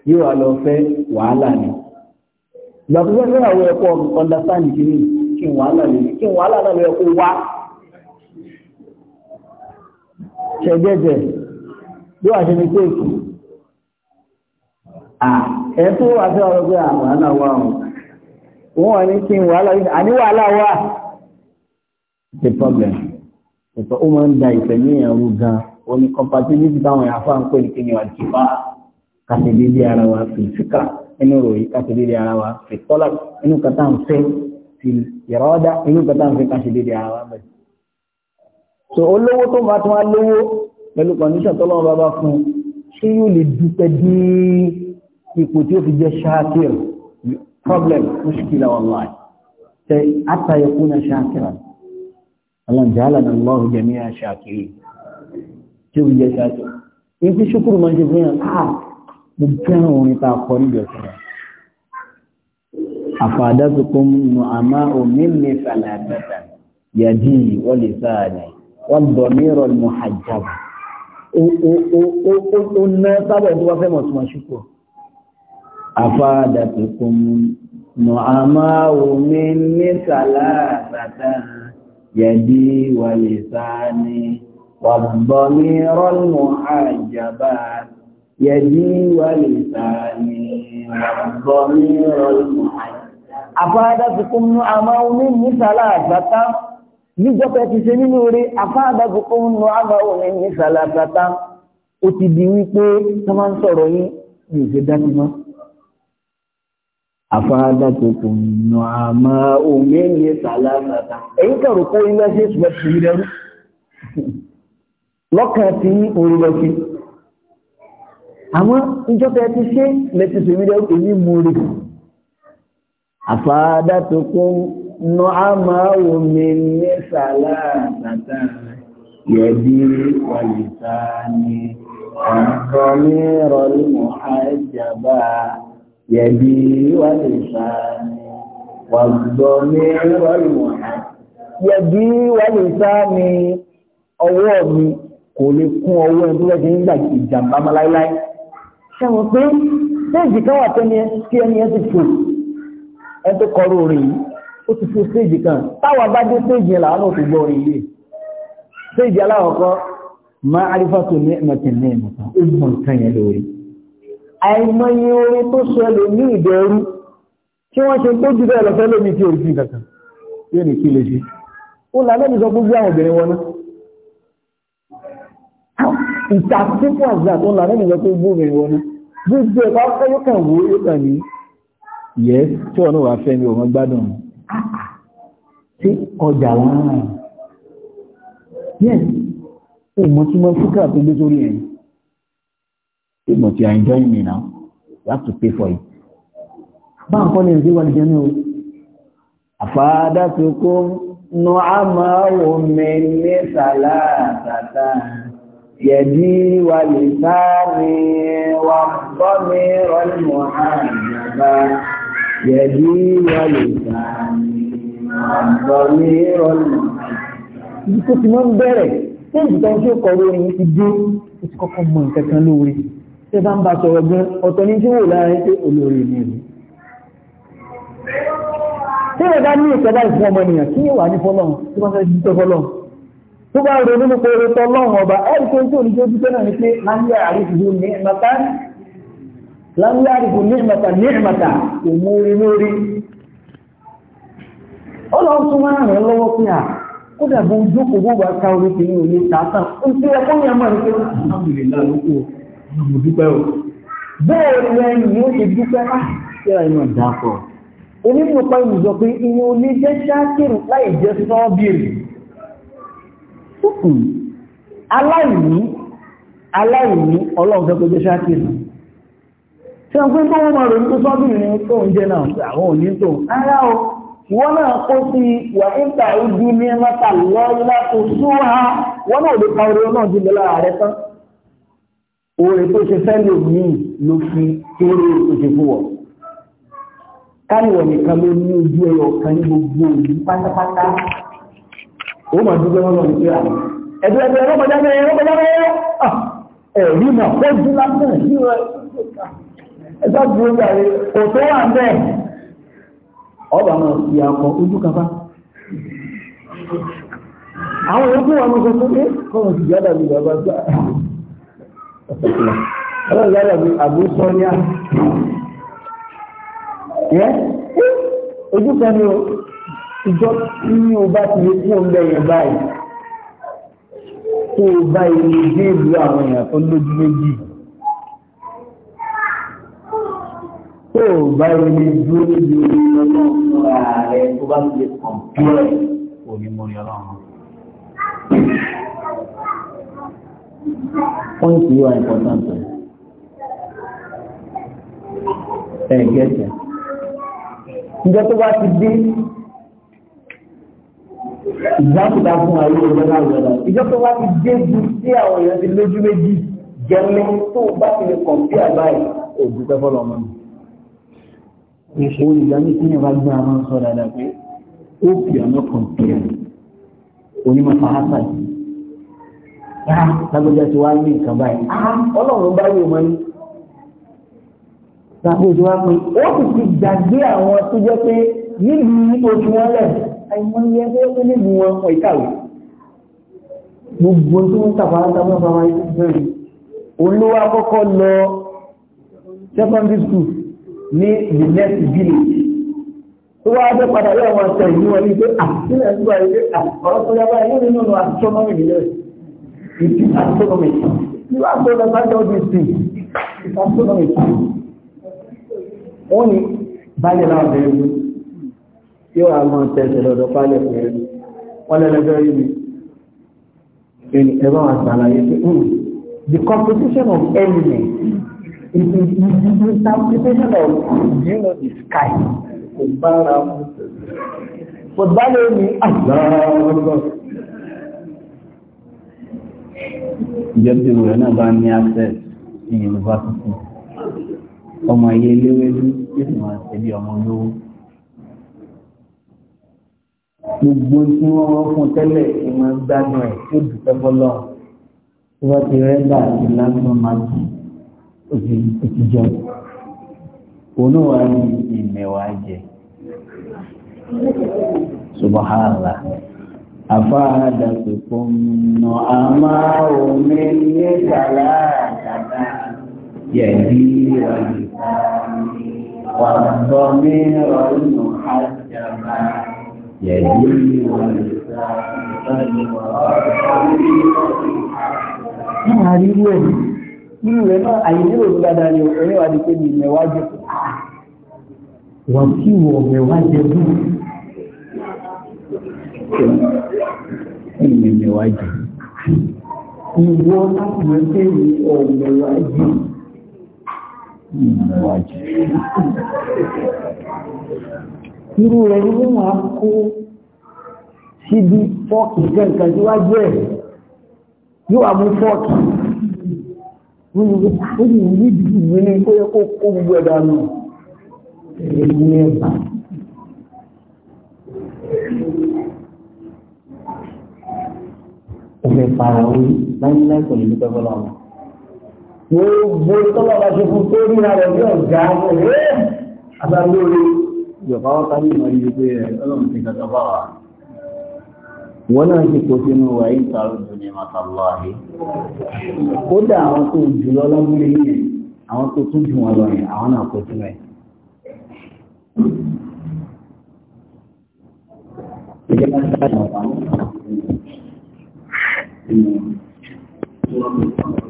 yóò wá lọ fẹ́ wàhálà ni ìgbà tó fẹ́ fẹ́ràn àwọn ẹ̀kọ́ understand kí ni kí wàhálà lè kí wàhálà náà lè kó wá ṣẹ̀gẹ́jẹ̀ yóò wá ṣe mistake à ẹ̀ tó wá fẹ́ ọ̀rọ̀ pé àwọn wàhálà wà ọ̀hún òun wà ní kí n wàhálà yìí wà the problem ìtọ́ ó máa ń da ìfẹ̀mí ẹ̀rù gan omi compatibility táwọn èèyàn fáwọn pé nìkan yẹn wà kí bá kàtẹ́dédé ara wa fi fíkà inú ròyìn kàtẹ́dédé ara wa fi tọ́lá inú kàtà ń fẹ́ fi yàrá ọ̀dá inú kàtà ń fẹ́ kàtẹ́dédé ara wa bẹ̀rẹ̀. so olówó tó máa tún wá lówó pẹ̀lú condition tọ́lọ́wọ́ bá bá fún ṣé yóò lè dúpẹ́ dé ipò tí ó fi jẹ́ ṣáàkìrì problem مشكلة والله حتى يكون شاكرا الله جعلنا الله جميعا شاكرين شوف جساته انت شكر ما جبنا اه ممكن ونتاقون جسرا أفادتكم نعماء مني ثلاثة يدي ولساني والضمير المحجب ó ná sábẹ̀ tó wá fẹ́ mọ̀ tó máa ṣúkọ̀ أفادتكم نعماء مني ثلاثة يدي ولساني والضمير المحجبات يدي ولساني والضمير المحجبات أفادتكم نعماء مني ثلاثة níjọ́ pé ti ṣe nínú orí afáàdàgbò kó ń lo àgbàwò ní ní sàlàtàtà ó ti di wípé tó máa ń sọ̀rọ̀ yín ní ìṣe dájú náà afádàtòkùn nàmà omi ní sàlámàtà èyí kẹrù pé ilé ṣe ṣùgbọ́n ti rí rẹrú lọ́kàn tí orí lọ sí àmọ́ ìjọba ẹ ti ṣe lẹ́tí sí rí rẹrú èyí mú rí afádàtòkùn nàmà omi ní sàlámàtà yẹ̀dí wàlìsáni ọ̀rọ̀ mìíràn mọ̀ àjàbá. يدي ولساني والضمير والمحب يدي ولساني ọwọ́ mi kò lè kún ọwọ́ ẹni tó lẹ́jẹ̀ nígbà ìjàmbá máa láíláí ṣẹ́wọ̀n pé stéèjì kan wà tẹ́ni kí ẹni ẹ ti fò ẹni tó kọrọ rè yìí ó ti fò stéèjì kan táwa bá dé stéèjì yẹn làwọn náà ti gbọ́ rè yìí stéèjì aláwọ̀ kan máa arífà ní ẹ̀mẹ̀tẹ̀ ó mọ̀ nǹkan yẹn lórí àìmọye orin tó ṣẹlẹ̀ ní ìbẹ̀rú tí wọ́n ṣe tó jù bẹ́ẹ̀ lọ fẹ́ lómi tí orí sí kankan yóò ní kí lè ṣe ó lálẹ́bí sọ gbogbo àwọn obìnrin wọn náà ìtàkùn fún àgbà tó lálẹ́bí sọ gbogbo obìnrin wọn náà gbogbo ẹ̀kọ́ afẹ́ yóò kàn wó yóò kàn ní yẹ tí ọ̀nà wà fẹ́ mi ò gbádùn sí ọjà láàárín yẹ ìmọ̀ tí mo fúkà tó gbé sórí ẹ̀yìn but you are enjoying me now you have to pay for it báwọn kọ́ ní ẹ̀sìn wà lẹ́jẹ̀ ní o. àfàdásókò nù àmà omi ní sàlàtàtà yẹ̀dí wà lè sáré wà bọ́mí rọ́lùmọ̀ àjàbá yẹ̀dí wà lè sáré wà bọ́mí rọ́lùmọ̀ àjàbá. ìdíkò tí wọ́n ń bẹ̀rẹ̀ tí ìdíkò tí ó kọ̀ lórí ti dé ó ti kọ́kọ́ mọ nǹkan kan lóore tẹ́ bá ń bá sọ̀rọ̀ gan ọ̀tọ̀ ní tí wò láàrin pé olórí ni ìlú tí ẹ̀dá ní ìkẹ́dá ìfún ọmọ ènìyàn kí wà ní fọ́lọ́run tí wọ́n fẹ́ jíjẹ́ fọ́lọ́run tó bá rẹ̀ nínú pé orí tọ́lọ́run ọba ẹ̀rí tó ń tó níjó jíjẹ́ náà ni pé láńlẹ́ àrífù ní ìmọ̀ta láńlẹ́ àrífù ní ìmọ̀ta ní ìmọ̀ta kò mú orí lórí ọlọ́run tún máa rẹ̀ lọ́wọ́ pé à kódà bó jókòó bó bá ká orí tèmi ò ní tààtàn ó ti ẹ̀kọ́ yẹn máa ń pé mo dúpẹ́ o bẹ́ẹ̀ lẹ́yìn yóò ṣe dúpẹ́ á ah, kíra inú ọ̀dà pọ̀ onímọ̀pá ìmùsọ pé ìyẹn olè jẹ́ ṣáàkìrì láì jẹ́ sọ́ọ́bìrì sókùn aláìní aláìní ọlọ́run fẹ́ kó jẹ́ ṣáàkìrì tí wọ́n pé tó wọ́n máa ròyìn tó sọ́ọ́bìrì ni tó ń jẹ́ náà àwọn òní tó ara o wọ́n náà kó sí wà níta ojú ní mẹ́ta lọ́ọ́ látò súnwá wọ́n náà lè pa orí ọlọ́run jùlọ lára tán oore tó ṣe fẹ́ mí ló fi kéré òṣè fún káyọ̀ nìkan ló ní ojú ẹyọ kan ní gbogbo òní pátápátá ó mà dúpẹ́ lọ́nà ìpínlẹ̀ àná. ẹ̀dùn ẹ̀dùn ẹ̀rọ kọjá bẹ́ẹ̀ wà ní ọlọ́run lọ́rọ̀ mi àbúsọ́níà yẹ́ ojúkan ni o ìjọ tí o bá ti lè fún ọmọ ẹ̀yìn báyìí tó o bá ilé dé ìlú àwọn èèyàn tó lójú méjì tó o bá ilé dúró níbi orí ọlọ́run fúnra rẹ tó bá ti lè kàn pé òní mo rí ọlọ́run. Point you are important. Ẹ gẹ́gẹ́. Ìjọ tó bá ti dé, ìjákùtà fún ayé ọjọ́ náà lọ́dọ̀. Ìjọ tó bá ti dé ju sí àwọn èèyàn ti lójú méjì, jẹ́lẹ́ tó bá ti lè kàn sí àbáyé, òdùpẹ́ fọ́lọ́ ọmọ mi. Ìṣòro ìgbà ní kí ni wàá gbé àwọn sọ dáadáa pé ó fi ọ̀nà kàn sí yá lágbèjà tí wàá ní nǹkan báyìí ọlọ́run bá yóò mọ ní. Sàpò tí wàá pín ó sì ti gbàgbé àwọn tó jẹ́ pé níbi oṣù wọn lẹ̀ àìmọ̀ iye ẹgbẹ́ pé níbi wọn ọ̀ ìkàwé. Gbogbo tí wọ́n tàbára tàbára bá wáyé bẹ̀rẹ̀. Olówó akọ́kọ́ lọ secondary school ní the next village. Tó wá bẹ́ padà yóò wọn sẹ̀yìn wọn ní pé àtìlẹ̀ ah, ń gbà ilé àkọ́rọ́ ah, tó yá báyìí nínú àtúnṣọ́mọ́rìn nílẹ̀. It is astronomy. You have to understand all these things. It is astronomy. Wọ́n ní báyìí náà bẹ̀rẹ̀ mú. Yóò wá máa tẹ̀sẹ̀ lọ́dọ̀ báyìí pẹ̀lú. Wọ́n lẹ́lẹ́gbẹ́ rí mi. Ẹni ẹ̀rọ àṣàlàyé pé the composition of elements is the interpretation of you know the sky. Kò bára mu. Kò àgbà ọgbọ́n. ìjọ tí ìwòrán náà bá ní access sí yunifásitì ọmọ ayé eléwédú yóò sì máa ṣe bí ọmọ olówó. gbogbo tí wọ́n wọ́n fún tẹ́lẹ̀ ni máa ń gbádùn ẹ̀ tí dùpẹ́ fọlọ́ tí wọ́n ti rẹ́gbà àti lásán máa jù òtítọ́ òun náà wà ní ìmẹ̀wàá jẹ subahana. أفادتكم نعماء من ثلاثة يدير لساني والضمير المحجب يدير لساني والضمير المحجب nínú rẹ̀ náà àìlérò tó dáadáa ni ọ̀rẹ́ wa di pé mi mẹ́wàá jẹ́ wọ́n tí wọ́n mẹ́wàá jẹ́ bú ẹ̀mí níwájú ìwọ láwọn ẹgbẹ̀rún ọ̀rọ̀ wájú níwájú irú rẹ̀ ní wọ́n á kó síbi fọ́ọ̀kì kẹ́ǹkan síwájú ẹ̀ yóò wà mú fọ́ọ̀kì ó ní ìlú ìdíjú kó yẹ kó kó gbogbo ẹ̀dá náà èyí ní ẹ̀bà ó fẹ́ para ó láíláí kò lè dúpẹ́ bọ́lá ọ̀nà. yóò bo tọ́lá bá ṣe fún tó ríra rẹ̀ bí ọ̀gá rẹ̀ abalóore yorùbá wọn ká ní ìmọ̀ yìí pé ọlọ́run ti kàtà bá wa. wọn náà ti kó sínú wa yìí ta ló dùn ní màtàláhi. kódà àwọn tó jù lọ lọ́gbọ́n yìí àwọn tó tún jù wọn lọ yẹn àwọn náà kó sínú ẹ̀. Thank you nínú ìwọ́n tó kọ́.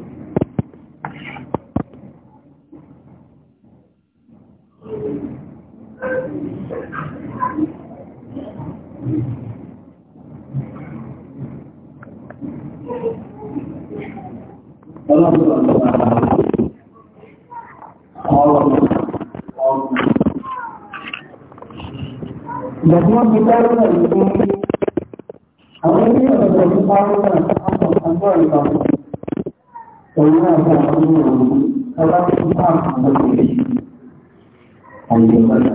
Gracias. òun náà bá wọn ní òun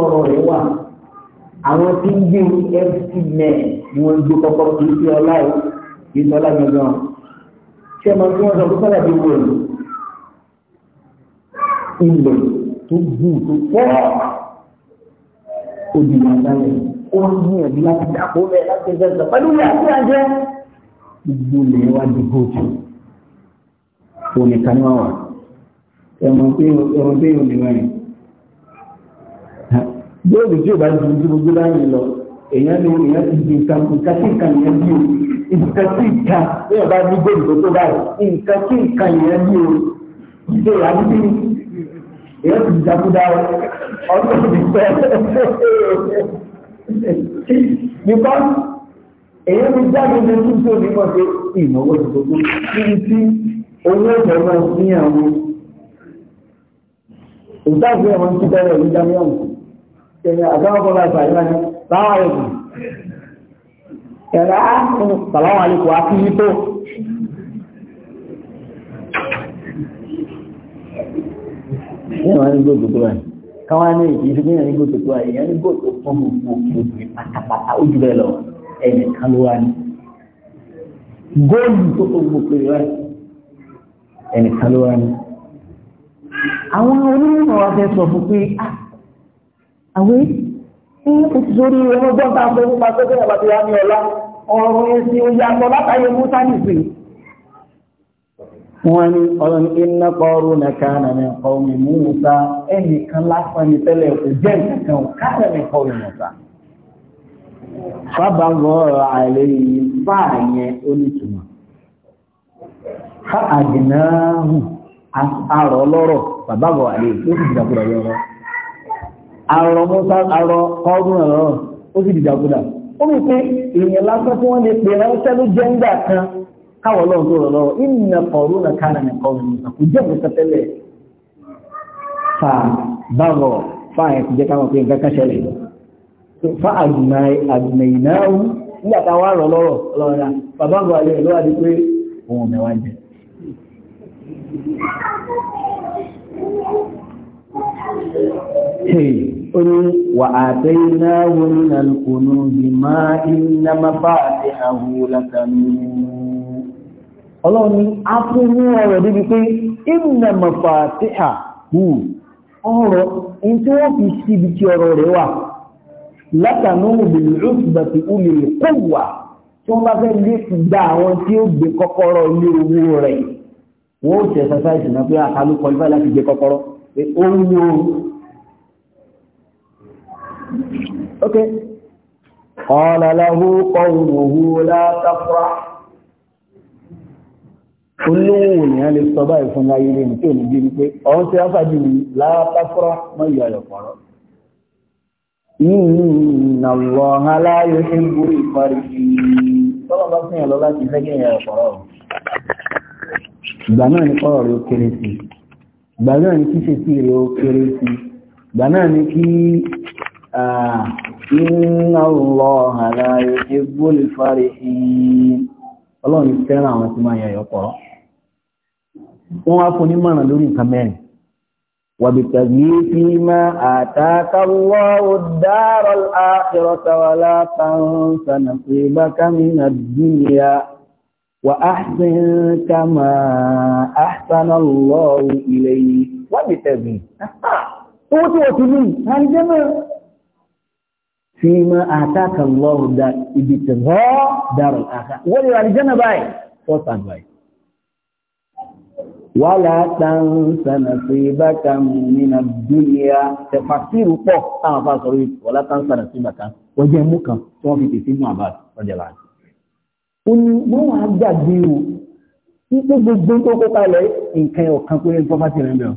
ọ̀rọ̀ rẹ̀ wà àwọn tí ń gbé fc men ni wọ́n gbé kọ́kọ́ kì í sí ọlá ẹ̀ kì í sí ọlá gangan ṣé ẹ máa fi wọ́n sọ fún sọ́dà bí wọ́n ilẹ̀ tó gbù tó pọ̀ òdìbò àgbáyé ó ń gbìyànjú láti dàpọ̀ rẹ̀ láti ẹgbẹ́ sọ pẹ̀lú ìyá tí a jẹ́ gbogbo ilẹ̀ wa di gòtù òní kaníwáwá ẹ̀mọ̀ pé òní wáyé bóòlù tí o bá ju ojú gbogbo láyé lọ èèyàn ló èèyàn ti di nǹkan nǹkan tí nǹkan yẹn bí o nǹkan tí nǹkan tí o bá ní bóòlù tó tó báyìí nǹkan tí nǹkan yẹn bí o ṣe àdúgbò èèyàn ti dàkúdà ọdún tó ti pẹ́ nípa èèyàn ti jáde ní ojú tó ní mọ̀ pé ìnáwó ti tó tó kí ni tí owó ìjọba ń fi hàn wọn. Òtá ìgbéyàwó ń kí bẹ́rẹ̀ ìdáyàwó. Kẹ̀yìn àgbàwọ̀kọ̀ bá ìgbà ìgbà ní báwọn ẹ̀gbùn. Ẹ̀rá ń sàláwà àlekò á kí tó. Ìyẹn wà ní gbogbo tó báyìí. Káwá ní ìṣẹ́gbẹ́ yẹn ní gbogbo tó báyìí. Ìyẹn ní gbogbo fún gbogbo obìnrin pátápátá ó jù bẹ́ẹ̀ lọ. Ẹ̀yìn kan ló wá ní. Góòlù tó tó gbogbo pèrè wáyìí. Ẹ̀yìn kan ló wá ní. Àwọn onímọ̀ wa fẹ́ sọ fún pé, ah, àwé tí o ti sórí ẹnu gbọ́ntà pé nípa tó kẹ́yà bàtí ya ní ọ̀la ọ̀rọ̀ èsì ìyàtọ̀ látàyè musa nìsín. wọ́n ní ọ̀rọ̀ ní iná kọ́ọ̀rù nìkan nà ní ọ̀mì musa ẹnìkan lásán ní tẹ́lẹ̀ kò jẹ́ nǹkan káàrẹ̀ ní ọ̀mì musa. fábà ń rọ àìlè yìí fáà yẹn ó ní àrọ̀ ọlọ́rọ̀ bàbá bọ̀ àlè ló fi jìdàkúrọ̀ yọrọ àrọ̀ mọ́sá àrọ̀ ọdún ọ̀rọ̀ ó sì dìjàkúdà ó wí pé èèyàn lásán tí wọ́n lè pè ránṣẹ́ ló jẹ́ ńgbà kan káwọ̀ lọ́wọ́ tó rọ̀ lọ́wọ́ ìnìyàn kọ̀ọ̀rọ̀ nà kánà nà kọ̀ọ̀rọ̀ nà kò jẹ́ òkúta tẹ́lẹ̀ fa bàbọ̀ fa ẹ̀ ti jẹ́ káwọn pé nǹkan kan ṣẹlẹ̀ fa àgbìnàìnáwó nígbà táwọn قل وآتيناه من na ما إن مفاتحه ma ị ni a fún ní ọ̀rọ̀ débi pé ìrìnà mọ̀fàtíhà hù ọ̀rọ̀ in tí wọ́n fi síbi tí ọ̀rọ̀ rẹ̀ wà látànú ìbìlì òṣùgbàtí ulè kọwà tí wọ́n bá fẹ́ lé ìgbà àwọn tí ó gbé kọ́kọ́rọ́ ilé owó rẹ̀ wọ́n ó náà pé àkálù ah, kọlífà láti gbé kọ́kọ́rọ́ pé ó ń wo ok qala lahu qawmuhu la tafrah olówó ni a lè sọ báyìí fún láyé lè ní tí ò ní bí ní pé ọ̀hún tí a fàájú ní la tafrah mọ́ ìyá rẹ̀ pọ̀rọ̀ inna Allaha la yuhibbu al-farihin tọ́lọ́ bá fún yàn lọ láti fẹ́ kí ìyá rẹ̀ pọ̀rọ̀ ìgbà náà ní pọ̀rọ̀ rẹ̀ ó kéré sí i gbà náà ni kí ṣètì rẹ̀ ó kéré sí gbà náà ni kí inna Allah la yuhibbul farihin ọlọ́run fẹ́ràn àwọn tí máa yẹ̀yọ̀ pọ̀ wọ́n wá fún ní mọ̀ràn lórí nǹkan mẹ́rin وبتغييث ما آتاك الله الدار وأحسن كما أحسن الله إليك وابتغي owó tí wọ́n ti ní àìjẹ́mẹ́ fi ma àtàkà lọ́rù dá ibi tí rọ́ dárò àkà wọ́n ni àìjẹ́mẹ́ báyìí first advice wà látàn sànà sí bákà nínà dúnyà tẹfàṣírù pọ̀ táwọn afá sọ̀rọ̀ wà látàn sànà sí bákà wọ́n jẹ́ mú kan tí wọ́n fi tètè mú àbá rọ́jà láti ó ní wọ́n wá gbàgbé o wípé gbogbo tó kó kalẹ̀ nǹkan ọ̀kan péré pọ́pátì rẹ̀ bẹ̀rẹ̀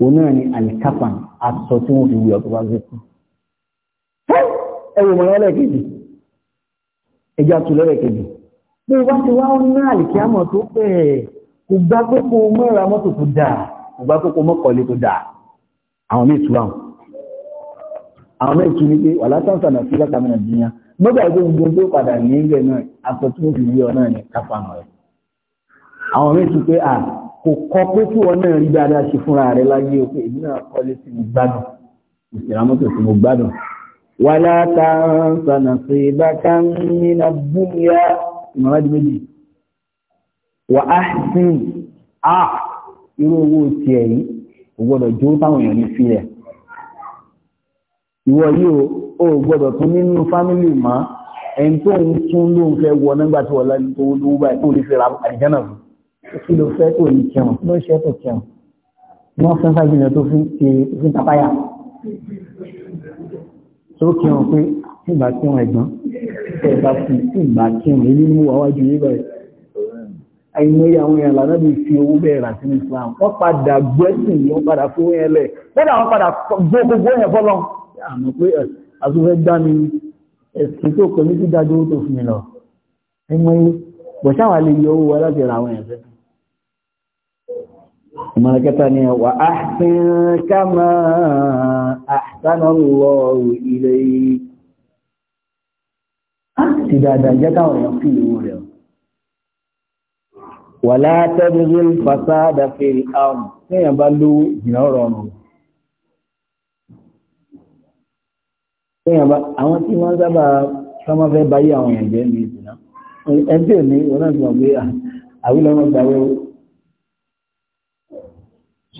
òun náà ni alikafan aṣọ tí wọ́n fi wí ọ̀tọ̀ bá gbé kú ẹwọ mọ̀ lẹ́lẹ́kejì ẹja tù lẹ́lẹ́kejì bí wọ́n ti wá ń ná àlìkíámọ̀ tó pẹ́ kò gbá kókó mọ́ra mọ́tò tó dáa kò gbá kókó mọ́kọ̀lé tó dáa àwọn mí tu àwọn àwọn mí tu ní pé wà látàǹtà náà sí látàmínà jìyàn nígbà tó ń gbogbo padà ní ilẹ̀ náà akọ̀tún fi yí ọ náà ní kápánà rẹ̀ àwọn míì tún pé à kò kọ pé kí wọn náà rí dáadáa ṣe fúnra rẹ̀ láyé o pé èmi náà kọ́lé sí mo gbádùn ìsìlámọ́tò sí mo gbádùn wàlá ta ń sànà sí bàtà nínà búnyá ìmọ̀lájú méjì wà á sí à irú owó tiẹ̀ yìí kò ní o gbọ́dọ̀ tún nínú fámílì mọ́ ẹni tó ń tún ló ń fẹ́ wọ nígbà tí wọ́n lẹ́nu tó lówó báyìí tó lè fi ra àdìjánà fún kí ló fẹ́ tó ní kẹrùn kí ló ṣe tó kẹrùn wọ́n fẹ́ fájú yẹn tó fi ṣe fi tapáyà tó kẹrùn pé tí ìgbà kẹrùn ẹ̀gbọ́n tẹ̀ bá fi tí ìgbà kẹrùn ilé mú àwájú yìí báyìí àìmọye àwọn èèyàn lànà bí fi owó bẹ́ẹ̀ rà sínú Islam wọ́n padà gbẹ́sìn wọ́n padà fún ẹlẹ̀ bẹ́ẹ̀ àwọn padà gbogbo ẹ̀yẹn fọ́lọ́ àmọ́ pé ẹ̀sìn àtúfẹ́ gbá mi ẹ̀sìn tó kọ ní kí dájú ó tó fún mi lọ ẹmọ ewé bọ̀ṣáwà lè yọ owó wa láti ra àwọn ẹ̀fẹ́ ìmọ̀ràn kẹta ni wà á fi kama ahsana Allahu ilayk ti dáadáa jẹ́ káwọn èèyàn fi ìwò rẹ̀ wà látẹ́bí rí fasada Téèyàn bá àwọn tí wọ́n sábà sọ́mọ fẹ́ báyé àwọn èèyàn jẹ́ ní ìsìn náà. Ẹbí ò ní wọn náà ti mọ̀ pé àwílẹ̀ wọn gbà wẹ́wọ́.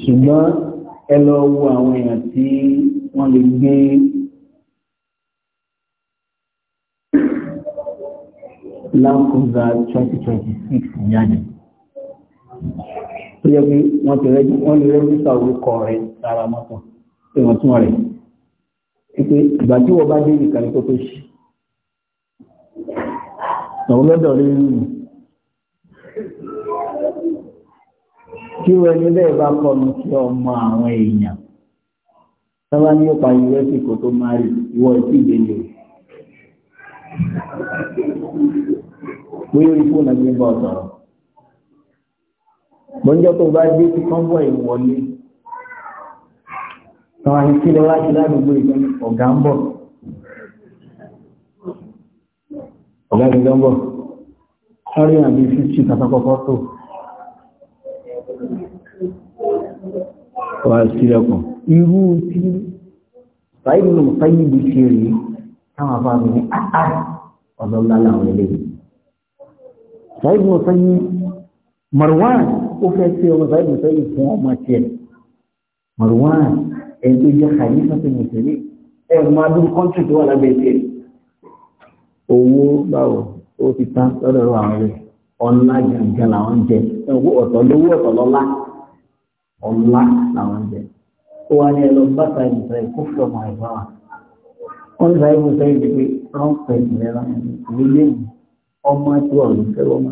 Ṣùgbọ́n ẹ lọ wo àwọn èèyàn tí wọ́n lè gbé láńkóza 2026 jáde tó yẹ pé wọ́n lè rẹ́jísà orúkọ rẹ̀ sára mọ́tò ìwọ̀ntúnwọ̀n rẹ̀ pé ìgbà tí wọ́n bá dé ìkà ní kótó ṣì àwọn lọ́dọ̀ rí rí rí kí wọ́n ní bẹ́ẹ̀ bá kọnu sí ọmọ àwọn èèyàn sábà ní ọ̀pá yúrẹ́sì kò tó máa rí ìwọ ìtì ìdèlè wọ́n yóò fún ọ̀nà gbígbà ọ̀sọ̀rọ̀ gbọ́njọ́ tó bá dé sí kọ́ńbọ̀ ìwọlé àwọn àyíkílẹ̀ wá sí ládùúgbò ìgbẹ́ ọ̀gá ń bọ̀ ọ̀gá ìgbẹ́ ń bọ̀ sáré àbí fífí kàtàkọ́kọ́ tó wá sílẹ̀kùn irú tí sáìlù sáìlù ṣe rí táwọn afáàmì ní àá ah, ah, ọ̀dọ́ lálẹ́ àwọn ilé sáìlù sáìlù Marwan ó fẹ́ sí èyí tó jẹ́ khalifa tó mùsùlùmí ẹ máa dúró kọ́ńtì tó wà lábẹ́ ìṣe owó báwo ó ti tán lọ́dọ̀ ọ̀rọ̀ àwọn rẹ̀ ọ̀la gàǹgàn làwọn jẹ ẹ̀wọ́ ọ̀tọ̀ lówó ọ̀tọ̀ lọ́lá ọ̀la làwọn jẹ ó wá ní ẹ lọ bá ta ìbùsọ̀ ìkó fún ọmọ ìbá wa wọ́n ní sáyé ìbùsọ̀ ìdí pé wọ́n pẹ̀ ìrẹ́ lọ́mọ ọmọ tí wọ́n ò ní fẹ́ wọ́n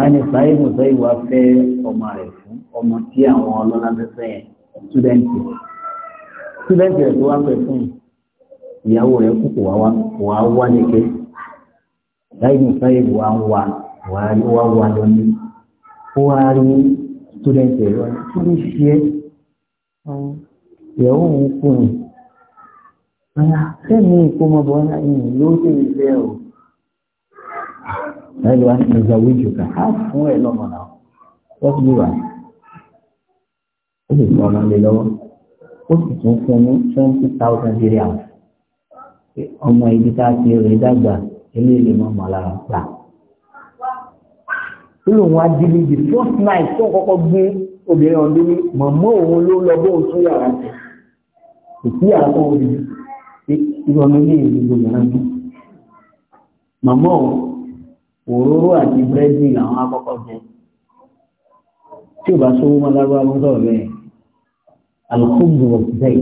àní sáyé musa ìwà fẹ́ ọmọ rẹ̀ fún ọmọ tí àwọn ọlọ́lá fẹ́fẹ́ yẹn túdẹ́ǹtì túdẹ́ǹtì rẹ̀ tó wá fẹ́ fún ìyàwó rẹ̀ kú kò wá wá léke sáyé musa ìwà ń wà wá wà lónìí ó wá rí túdẹ́ǹtì rẹ̀ tó ń ṣe ìyàwó òun kù ní. Àyà fẹ́mi ọ̀la ìyìn ló ń tẹ̀lé fẹ́ o láìlú wa ní ìgbà wíjù ká á fún ẹ lọ́mọ náà wọ́n ti wà ó sì fún ọmọ mi lọ́wọ́ ó sì tún fún ní twenty thousand naira ọmọ ibi tá a ti rè dàgbà ilé ìlú mọ́ mọ́ lára gbà. ó lóun wá dílé the first night tó kọ́kọ́ gbé obìnrin ọdún ní màmá òun ló lọ bóun tún yàrá jẹ ìpín àtọ obìnrin ìrọ̀lẹ́ ní ìlú gbogbo yàrá jù màmá òun òróró àti búrẹ́dì làwọn akọ́kọ́ jẹ tí ò bá sówó máa lágbára ló ń sọ̀rọ̀ bẹ́ẹ̀ alùpùpù wọ̀ bẹ́ẹ̀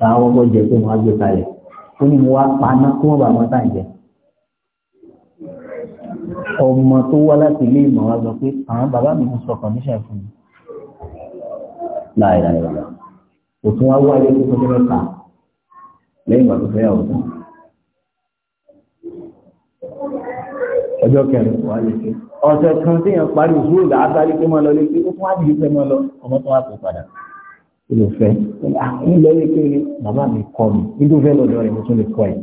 làwọn akọ́kọ́ jẹ pé wọ́n á gbé kalẹ̀ ó ní mo wá paná kó wọ́n bá wọn tà jẹ ọmọ tó wá láti ilé ìmọ̀ wa gbọ́ pé àwọn bàbá mi ń sọ kọ̀míṣẹ̀ fún mi láìláìláì òtún wá wáyé tó tó fẹ́ fà lẹ́yìn ìgbà tó fẹ́ yà òtún. ọjọ́ kẹrin wà lè ké ọ̀sẹ̀ kan tí yẹn parí òṣùwò ìgbà àtàrí pé mọ́ lọ lé pé ó fún àdìyí pé mọ́ lọ ọmọ tó wà pè padà kí ló fẹ́ nílẹ̀ ah, lè pé bàbá mi kọ́ mi nígbà fẹ́ lọ́dọ̀ rẹ̀ mo tún lè kọ́ ẹ̀.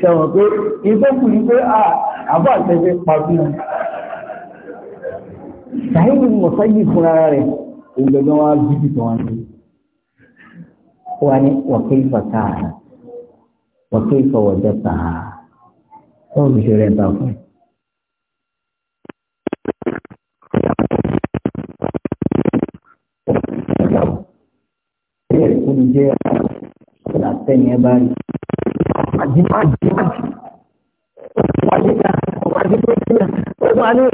sẹ̀wọ̀n pé ìgbẹ́ kù ní pé ah, àbọ̀ àtẹ̀fẹ́ pàbí wọn. sàyẹ́nì mọ̀sáyì fún ara rẹ̀ ògbẹ̀gbẹ̀ wọn á bí ni. ó wà ní wọ́n tó ìfọwọ́ jẹ́ tàá wọ́n fi ṣe rẹ̀ ń ta fún un. bẹ́ẹ̀ kó ní jẹ́ látẹ̀yìn ẹ bá rí. àdìmọ́ àdìmọ́ wájú ká wájú tó ti rẹ̀ wọ́n máa ní.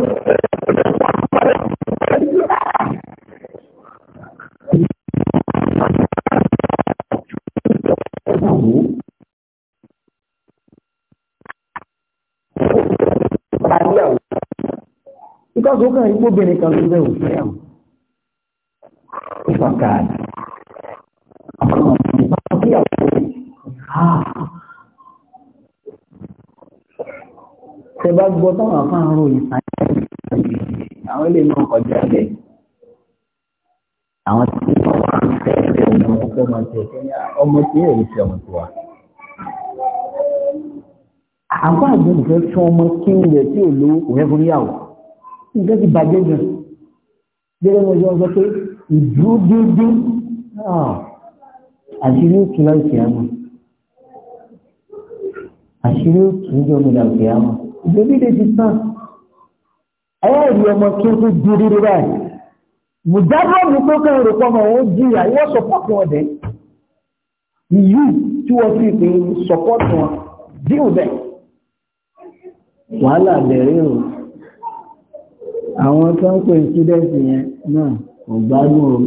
tó kàn ipò obìnrin kan ló bẹ̀ òfin ẹ̀wọ̀n àwọn àwọn tí wọ́n ń fẹ́ ẹgbẹ́ ọmọ ọkọ̀ máa tẹ̀ ọmọ tí yóò fi ọmọ tiwa àbá àgbẹ̀ òfẹ́ fún ọmọ kí ń lẹ̀ tí ò lówó kò fẹ́ fún yàwó nǹkan ti bàjẹ́ jù gẹ́gẹ́ bí ọjọ́ sọ pé ìdúró déédé àṣírí òtún láì kìí àmọ́ àṣírí òtún jọ mi láì kìí àmọ́ ìgbẹ́bíde ti tán ẹ̀yà ìlú ọmọ kí ó tó di rírí báyìí mùjábọ̀ mi tó kàn rò pọ̀ mọ́ wọn jìyà wọ́n wọn dẹ̀ ìyú tí wọ́n sì pé sọpọ́ọ̀tì wọn díò bẹ́ẹ̀ wàhálà bẹ̀rẹ̀ rò àwọn tó ń pè sídẹ́ẹ̀sì yẹn náà kò gbádùn o òun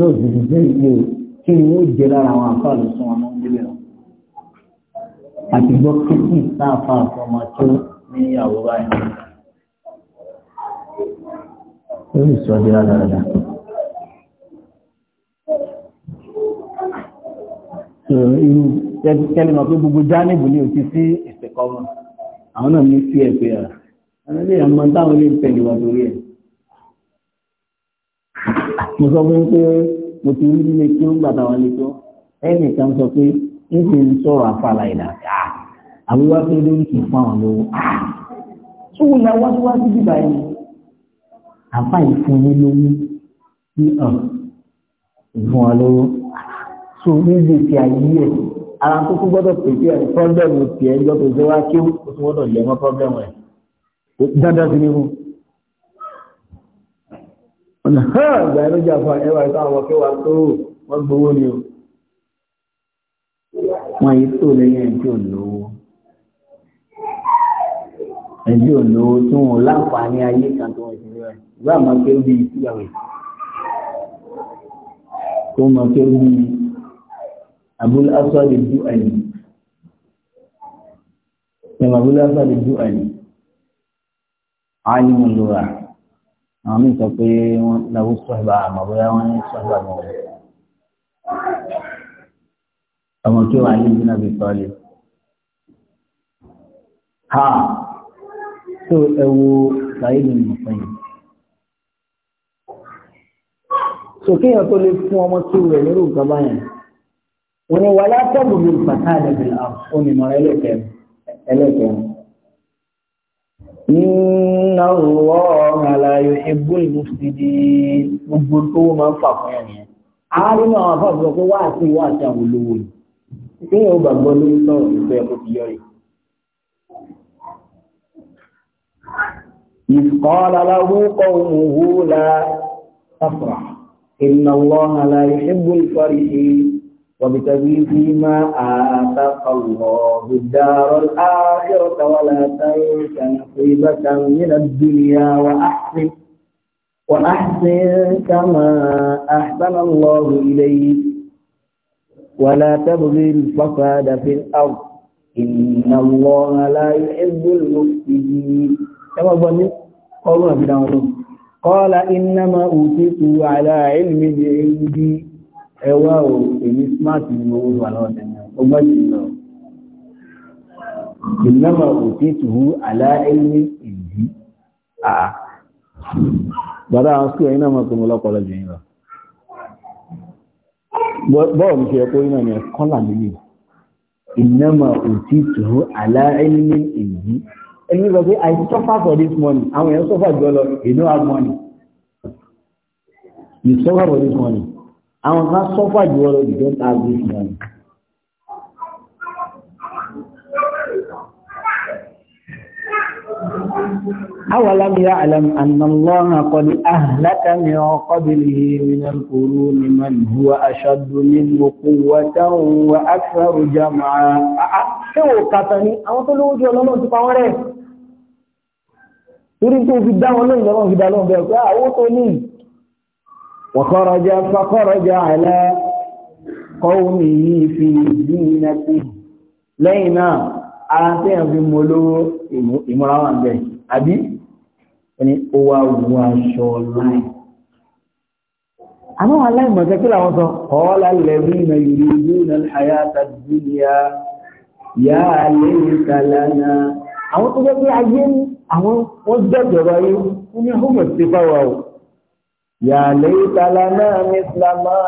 náà sì ti fẹ́ gbé o kí ni ó jẹ lára àwọn àfáàlù sún ọmọ níbẹ̀ o àti gbọ́ a sáàfà àfọmọ tó ní ìyàwó báyìí ó lè sọ dé ládàradà. irú tẹ́lẹ̀ mọ̀ pé gbogbo jánìbù ni ò ti sí ìsìnkọ́ mọ́ àwọn náà ní sí àwọn ilé ọmọ táwọn ilé ń tẹ̀lé wa torí ẹ̀ mo sọ fún pé mo ti rí nílé tí ó ń gbàtà wọn létọ́ ẹnìkan sọ pé ń sì ń sọ̀rọ̀ afárá ìlà àwíwá pé lórí kì í fún àwọn lówó ṣùgbọ́n ìlà wájúwájú bíbá ẹni àfá ìfún yín lówó sí ọ̀ ìfún wa lówó tó níbi ti ayé ẹ̀ ara tó tún gbọ́dọ̀ pèsè ẹ̀ pọ́blẹ́mù tiẹ̀ ń gbọ́dọ̀ ṣe wá kí ó tún gbọ́dọ̀ yẹ mọ́ pọ́blẹ́mù ẹ̀ dandan sí nínú ọ̀nà hàn ìgbà ẹ̀rọ jà fún ẹwà ìta àwọn kẹwàá tó wọ́n gbowó ni o wọ́n yìí tó lẹ́yìn ẹ̀jẹ̀ olówó ẹ̀jẹ̀ olówó tí wọ́n láǹfààní ayé kan tó wọ́n ti rẹ̀ ìgbà máa kéwú bíi síyàwó tó عالم اللغة عامل تقي له الصحبة ما بيا وين الصحبة ما هو أما تو عالم بن أبي طالب ها تو أبو سعيد المصري تو كي أقول لك ما تو غيره كباين وني ولا تبغي الفساد في الأرض وني ما إلكم إلكم Inna Allaha la yuhibbul mufsidin. Gbogbo tó máa ń fà fún ẹ̀ yẹn. Àárín náà àwọn afọ́ pé wá àti ìwà àti àwọn olówó ni. Ṣé yóò gbàgbọ́ lórí sọ̀rọ̀ ìfẹ́ Inna Allaha la yuhibbul farihin. وابتغي فيما آتاك الله الدار الآخرة ولا تنس نصيبك من الدنيا وأحسن وأحسن كما أحسن الله إليك ولا تبغي الفساد في الأرض إن الله لا يحب المفسدين كما ظننت قالوا في قال إنما أوتيته على علم عندي ẹ wá o èmi smart ni mo wúlò àlọ́ tẹ̀lé o gbọ́ jù lọ. ìnáwó òtí tùhú aláìní ìdí à. bàbá àwọn sùkúl ẹ̀yin náà mọ̀ pé mo lọ́pọ̀ lọ́jọ́ yín lọ. bọ́ọ̀ mi ṣe ẹ̀kọ́ yín náà ni ẹ̀kọ́ là nílé. ìnáwó òtí tùhú aláìní ìdí. ẹni sọ pé I suffer for this money àwọn èèyàn suffer jọ lọ you have money. you suffer for this money àwọn kan sọ́fà jù ọ́ lójú tó ń ta bí ìsìn náà أولم يعلم أن الله قد أهلك من قبله من القرون من هو أشد منه قوة وأكثر جمعا ṣé wò kàtà ní àwọn tó lówó jù ọlọ́mọ̀ ti pa wọ́n rẹ̀ torí tó fi dá lóyìn lọ́wọ́ fi dá bẹ̀rẹ̀ pé àwọn ah, tó ní وخرج فخرج على قومه في زينته لينا àti ẹ̀fí mo lówó ìmúrawà ń bẹ̀ àbí ẹni ó wá wọ aṣọ láì àwọn aláìmọ̀tẹ́ kí làwọn sọ ọ̀ọ́lá lẹ́rí na ìrìnjú na àyàtà dúnìyà yà á lè kàlánà àwọn tó jẹ́ pé ayé àwọn wọ́n jẹ́ jọ̀rọ̀ ayé fún ní ọmọ sí fáwọn يا ليت لنا مثل ما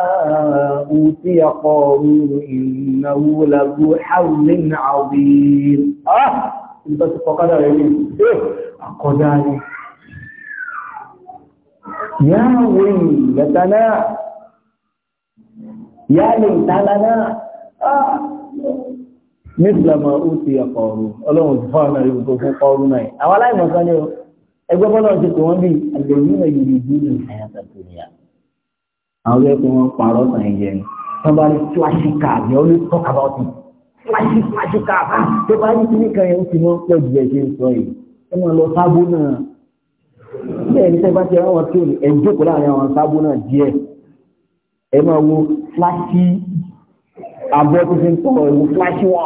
أوتي قارون إنه لذو حظ عظيم آه أنت فقد عليم إيه أقداني يا ويلتنا يا ليت لنا آه مثل ما أوتي قارون الله سبحانه يوتي قارون أولا يمكن ẹgbẹ́ bọ́lá ti pè wọ́n bí àlèyé ẹ̀yìn ìlú ní àyàtọ̀ tó yà àwọn ẹgbẹ́ pé wọ́n parọ́ sàn ẹ̀yẹ ni wọ́n bá ní flashy card yẹn ó ní talk about it flashy flashy card á ah, tó bá ní kíní kan yẹn ó ti mọ́ pẹ̀lú ẹ̀ ṣe ń sọ yìí ẹ máa lọ sábó náà bẹ́ẹ̀ ní sẹ́gbà tí ẹ wọ́n tó ẹ̀ ń jókòó láàrin àwọn sábó náà díẹ̀ ẹ máa wo flashy abọ́ tó fi ń tọ̀ ẹ̀ wo flashy wà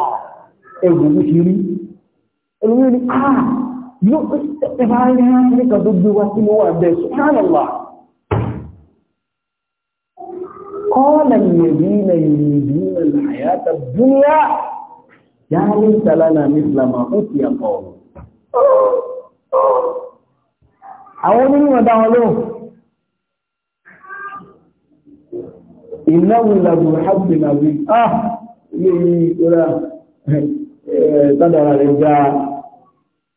ẹ̀ wò ó ṣe rí ẹ̀ lóyún ni ah yóò ẹ̀bá ilẹ̀ áfíríkà tó gbé wá sí mọ́ wà bẹ́ẹ̀ subhanallah qala alladhina yuriduna alhayata ad-dunya ya laysa lana mithla ma utiya qawm àwọn onímọ̀ dá wọn lóhùn innahu lazu habbin azim ah yìí ìkúra tádàrà rẹ̀ jáà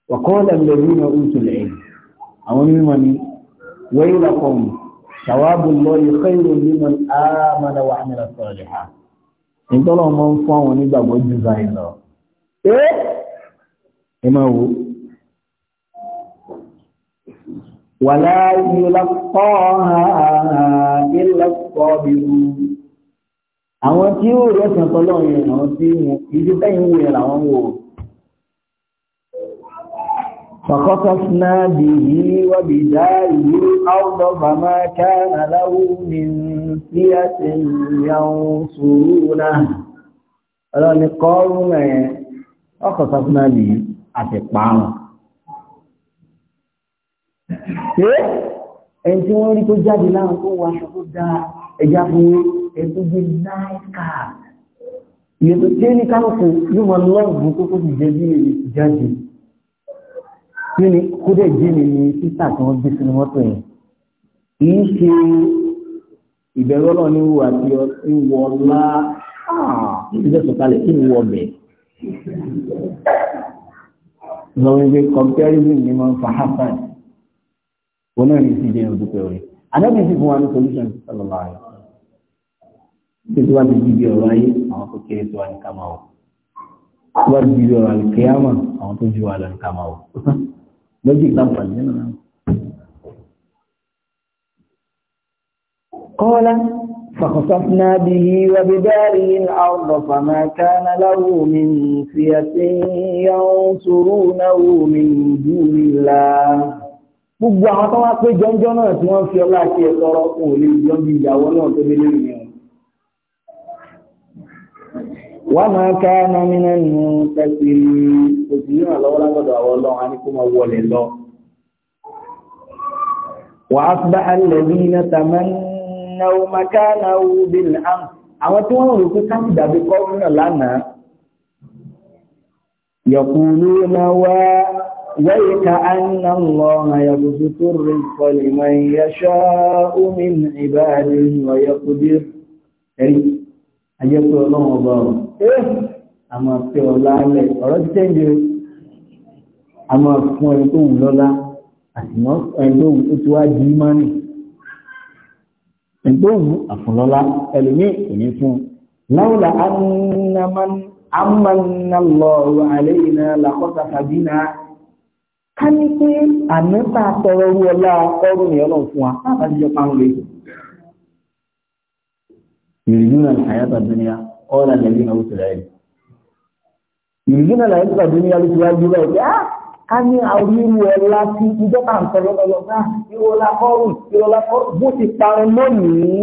وقال الذين أوتوا العلم أولي من ويلكم ثواب الله خير لمن آمن وعمل صالحا إن طلعوا من فاون إذا وجزا إلا إيه إما هو ولا يلقاها إلا الصابرون àwọn tí ó rẹ̀ sàn yẹn àwọn tí ìdí tẹ́yìn yẹn làwọn wò ó فخسفنا به وبداره الأرض فما كان له من فئة ينصرونه ọlọ́run ni kọ́ọ̀rù mẹ́rin ọkọ̀sọ́fúnà lè àti pààrùn ṣe ẹni tí wọ́n rí tó jáde láwọn tó wọ aṣọ tó dá ẹja fún ẹni tó náíkà ìyẹn tí ó ní kálùkù yóò mọ lọ́ọ̀bù tó ti jẹ bí èyí jáde kí ni kódé jíìnì ni títà tí wọ́n gbé sínú mọ́tò yẹn kì í ṣe ìbẹ̀rù ọlọ́run ní wù àti ìwọ ọlá ìdílé sọ̀kalẹ̀ kí ni wọ ọbẹ̀ lọ́wọ́ ìwé comparison ni máa ń fa hasan wọn náà ní ìsìndé ní ojú pé orí anábì sì fún wa ní solution sọlọ́lá rẹ̀ tí tí wá ti di ibi ọ̀rọ̀ ayé àwọn tó kéré tó wà ní kàmáwò tí wá ti di ibi ọ̀rọ̀ àlùkẹ́yàmọ̀ àwọn tó ju wa lọ ní kàmáwò méjì kan pàdé nínú náà. kọ́lá فخسفنا به وبداره الأرض فما كان له من فئة ينصرونه من دون الله gbogbo àwọn tó wá pé jọjọ náà tí wọ́n fi ọlá àti ẹ̀sọ́ ọ̀rọ̀ lè jọ bí ìyàwó náà tó délé ìyẹn وما كان من المنتصرين òsìlẹ̀ àlọ́wọ́ látọ̀dọ̀ àwọn ọlọ́run a ní kó máa wọlé lọ وأصبح الذين تمنوا مكانه بالأمس àwọn tí wọ́n rò pé káàkiri dàbí kọ́rùnà lánàá yọ̀kùnlú náà wá wẹ́yẹ ka anna Allaha yabsutu ar-rizqa liman yasha'u min ibadihi wa yaqdir ẹ̀rí ayẹ́kọ̀ọ́ ọlọ́run ọba ọ̀rọ̀ ẹ́ àmọ́ fi ọ̀la alẹ̀ ọ̀rọ̀ ti tẹ́jú àmọ́ fún ẹni tó wù lọ́la àtìmọ́ ẹni tó wù tó wá di mánì ẹni tó wù àfúnlọ́la ẹlòmíì kò ní fún láwùlà amánàlọ́rù àlẹ́yìn làkọ́ta fàbínà ká ní pé àmì pa àtọrọ owó ọlá ọrùn ni ọlọ́run fún wa láti jọ pa lè ìrìnnà àyàtọ̀ dúnìyà ọ̀nà nàbí náà wùtù láyé ìrìndí náà láyé nípa bí ní alùpùpù ayé báyìí pé ah ká ní àwírú ẹ láti ìjọ bá ń sọ̀rọ̀ lọ́wọ́ náà ah, ìrọ̀lá kọ́rùn ìrọ̀lá kọ́rùn bó ti parun lónìí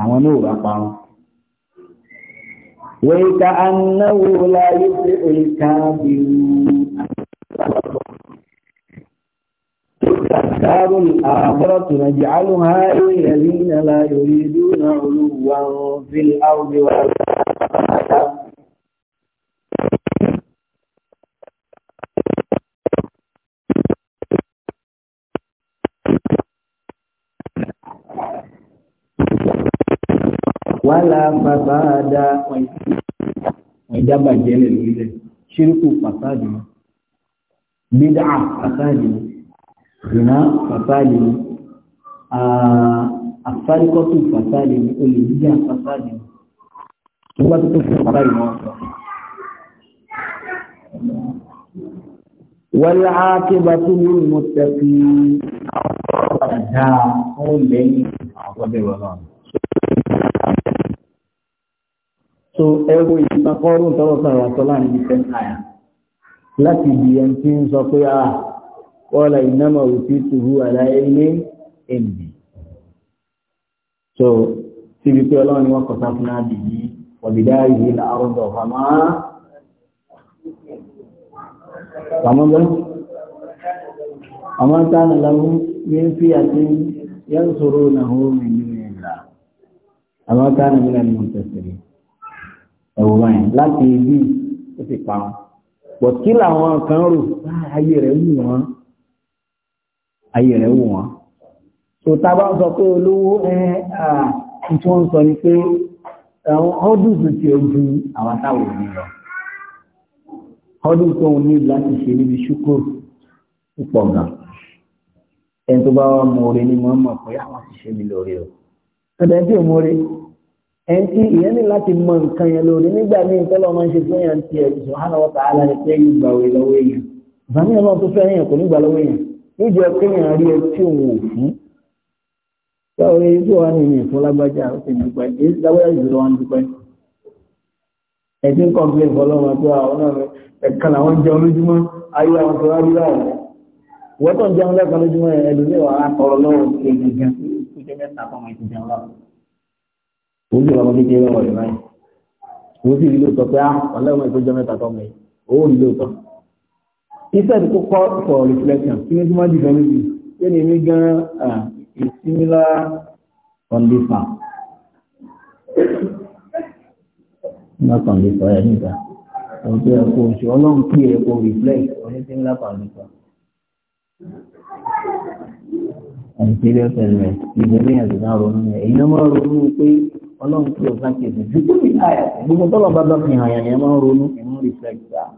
àwọn náà ودار الآخرة نجعلها للذين لا يريدون علوا في الأرض ولا wala fasada ìjábàjẹ́ lè lórílẹ̀ ṣírùkù fasadi bídà fasadi zina fasali afarikotu fasadi olè jíjà fasadi nígbà tó tó fún bàbá ìmọ̀ ọ̀sán. wọ́lá kébà tó ní mọ̀tẹ́kì so ẹ̀rọ ìtàkọ́rùn tọrọ sọ̀rọ̀ àtọ́lá ní ìfẹ́ láti di ẹni tí kọ́lá ìnáma òtítùhù aláìní èmì so tí wípé ọlọ́run ni wọ́n kọ̀ sáfúnná bì yí ọ̀bìdá yìí láàrúdọ̀ fàmá fàmọ́gbọ́n àwọn tánà lámú ní fi àti yẹn sọ̀rọ̀ náà hó mi ní ìlà àwọn tánà mílẹ̀ ní mọ̀tẹ̀sẹ̀rẹ̀ ẹ̀wọ̀ báyìí láti ibi ó sì pa wọn làwọn kan rò bá rẹ̀ wù wọn ayé rẹ̀ wò wọ́n so ta bá ń sọ pé olówó ẹ́ tí wọ́n ń sọ ni pé ọdún tí ó ju àwọn táwọn òní lọ ọdún tó ń ní láti ṣe níbi ṣúkúrù púpọ̀ gan ẹni tó bá wà mú orí ní mọ́ mọ̀ pé àwọn ti ṣe mí lórí o ọ̀dọ̀ tí ò mú orí ẹni tí ìyẹn ní láti mọ nǹkan yẹn lórí nígbà míì tọ́lọ́ máa ń ṣe fún yàn tiẹ̀ subhanahu wa ta'ala ni pé yóò gbà wẹ̀ lọ́wọ́ èèyàn ìfàmì ọlọ́run tó fẹ́ yàn kò ní gbà lọ́wọ́ èèyàn níjọ kéèyàn rí etí òun ò fún báwo ni tí wàá nìyí fún lágbájá ó ti dúpẹ́ èyí ti lágbájá jùlọ wọn dúpẹ́ ẹ̀sìn kọ́ńpìlẹ̀ fọlọ́mọ tó àwọn náà ẹ̀ka làwọn jẹun lójúmọ́ ayé àwọn tó wá rí láwọn wọ́n tó ń jẹun lẹ́kan lójúmọ́ yẹn ẹlòmíràn á kọ̀rọ̀ lọ́wọ́ ṣe gẹ́gẹ́ tó jẹ́ mẹ́ta fún ọmọ tọ́mọ Instead to call for reflection, kí ní tí wọ́n dìbọn níbi, kí ni mi gan is similar on this one. Not on this Ọjọ́ ẹ̀kọ́ oṣù ọlọ́run kí ẹ̀kọ́ reflect oní similar on this one. And serious element, ìgbẹ́lẹ́ yẹn ti náà ronú yẹn. Èyí náà máa ronú pé ọlọ́run kí ọ̀sán kejì ju tó fi àyà. Gbogbo tọ́lọ̀ bá bá fi hàn máa ń ronú, ẹ máa reflect that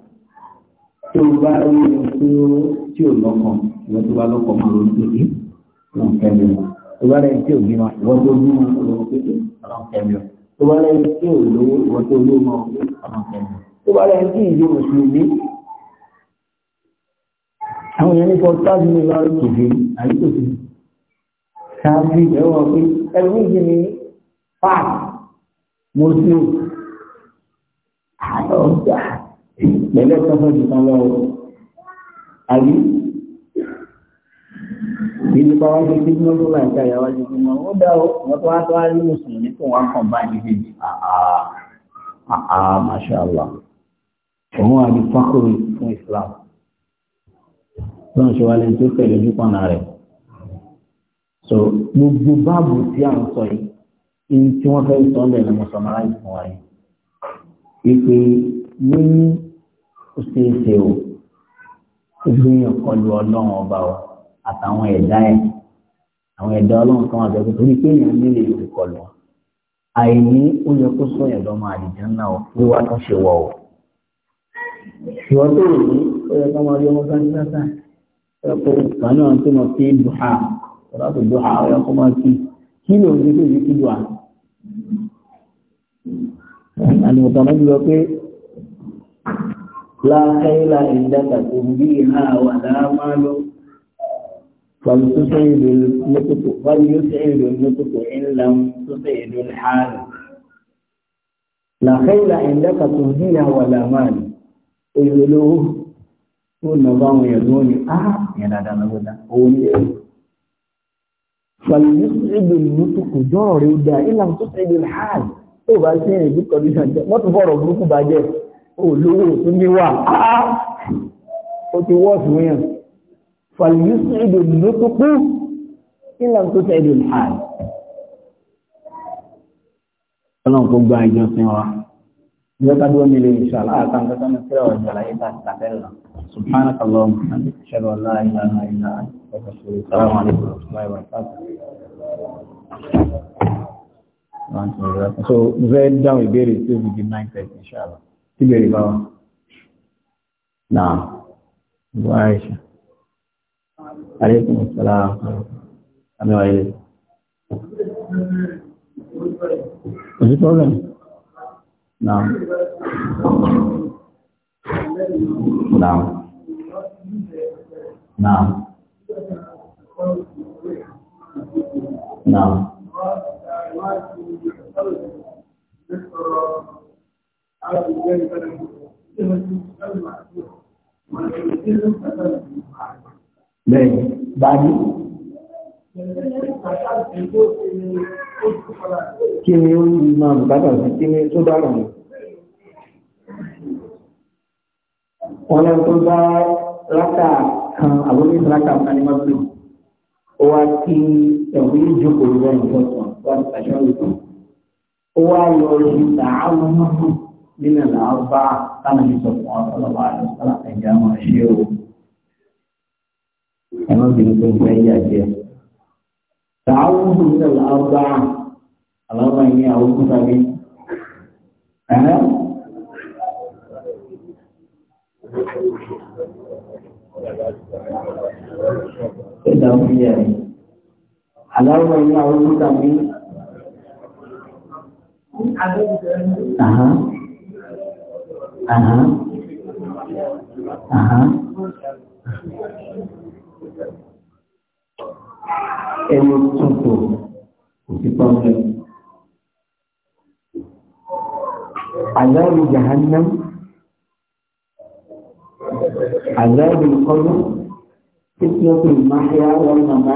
tó o bá rí ohun tí o lọ́kàn ìwọ́n tó bá lọ́kàn máa ronú tó dé wọn kẹ́mi o tó bá rẹ̀ tí o bímọ ìwọ́n tó bí wọn lọ́wọ́ pé wọn kẹ́mi o tó bá rẹ̀ tí o lówó ìwọ́n tó lówó máa wọ́n wọn kẹ́mi o tó bá rẹ̀ tí ìlú mùsùlùmí. àwọn èèyàn ní kọ́ táàbù ní lọ́rọ̀ kìfì àyíkò sí táàbù ìjẹ́wọ́ pé ẹ̀rù ìjì ni fáà mo sí o àtọ̀ ọ̀gá pẹ̀lú ẹ̀kọ́ fún ìtàn lọ́wọ́ àbí ìlú pa wájú kí ní ọdún láì ká ìyàwó ju fún wọn ó dá o wọn tó wá tó mùsùlùmí kó wọn kàn báyìí méjèèjì Allah òun wà Islam lọ́nà ṣe wá lẹ́yìn tó fẹ̀lẹ́ so gbogbo báàbù tí à ń sọ yìí ní tí wọ́n fẹ́ sọ ní ó ṣeé ṣe o gbìyàn kọlu ọlọ́run ọba o àtàwọn ẹ̀dá ẹ̀ àwọn ẹ̀dá ọlọ́run kan àti ẹ̀kọ́ torí pé èèyàn nílé ìlú kọlu àìní ó yẹ kó sọ ẹ̀dọ́ máa dìjọ́ náà o bí wàá tún ṣe wọ̀ o. ìwọ tó rò ní ó yẹ ká máa rí ọmọ sáńtì sáńtà ẹ kó kan náà tó máa fi dùn á ọ̀rọ̀ àti dùn á ọ̀yọ́ kó máa fi kí ló ń gbé tó yẹ dùn á. àlùmọ̀tàn náà ti lọ pé لا خيل عندكم بها ولا مال فلتسعد النطق فليسعد النطق إن لم تسعد الحال لا خيل عندكم بها ولا مال اذلوه والنظام يدوني آه يا لا لا فليسعد النطق جاري ودا إن لم تسعد الحال tó bá sí ìdíkọ̀díṣàn jẹ́ mọ́tò fọ́rọ̀ burúkú bá jẹ́ olówó tó níwà áá ó ti wọ́ọ̀sù yàn fàlùyúsù èdè lótópó ìlànà tó tẹ èdè láàyè ọlọ́run tó gba ìjọsìn wa يقعد وملي إن شاء الله كان كان كلا وجل إذا استقلنا So, we're down with Berry till we give 9.30, inshallah síbẹ̀ ìbá wa náà ìbá àìṣà àríkùn ìsọ́lá àmìwà ilé òjú problem náà náà náà náà Bẹ́ẹ̀ni, báyìí. Kí ni ó yìí máa bùkátà sí kí ni tó dára mú? Wọ́n lọ tó bá rákà kan àbúrí rákà kan ní mọ́tò. Ó wá kí ẹ̀wí ìjókòó lọ́nà tó sàn wá ní ìtàn. Ó wá lọ sí tààmù mọ́tò nínú làábá táwọn ti sọ fún ọ̀sán lọ́wọ́ àdúgbò ẹ̀jẹ̀ àwọn ṣé o. ẹ̀rọ ìbínú tó ń fẹ́ yà jẹ́. tààwọn nínú làábá àlọ́bà yìí àwọn òkúta bí. Ẹ̀dá fún yà rẹ̀. Àlọ́bà yìí àwọn òkúta bí. Àhán. Ajá. Ajá. Ẹni tuntun kò sí pọ́nlẹ̀. Àlọ́rù Jahannam, àlọ́rù Kọ́lú, Tíknọ́tì Máhíá wọn màmá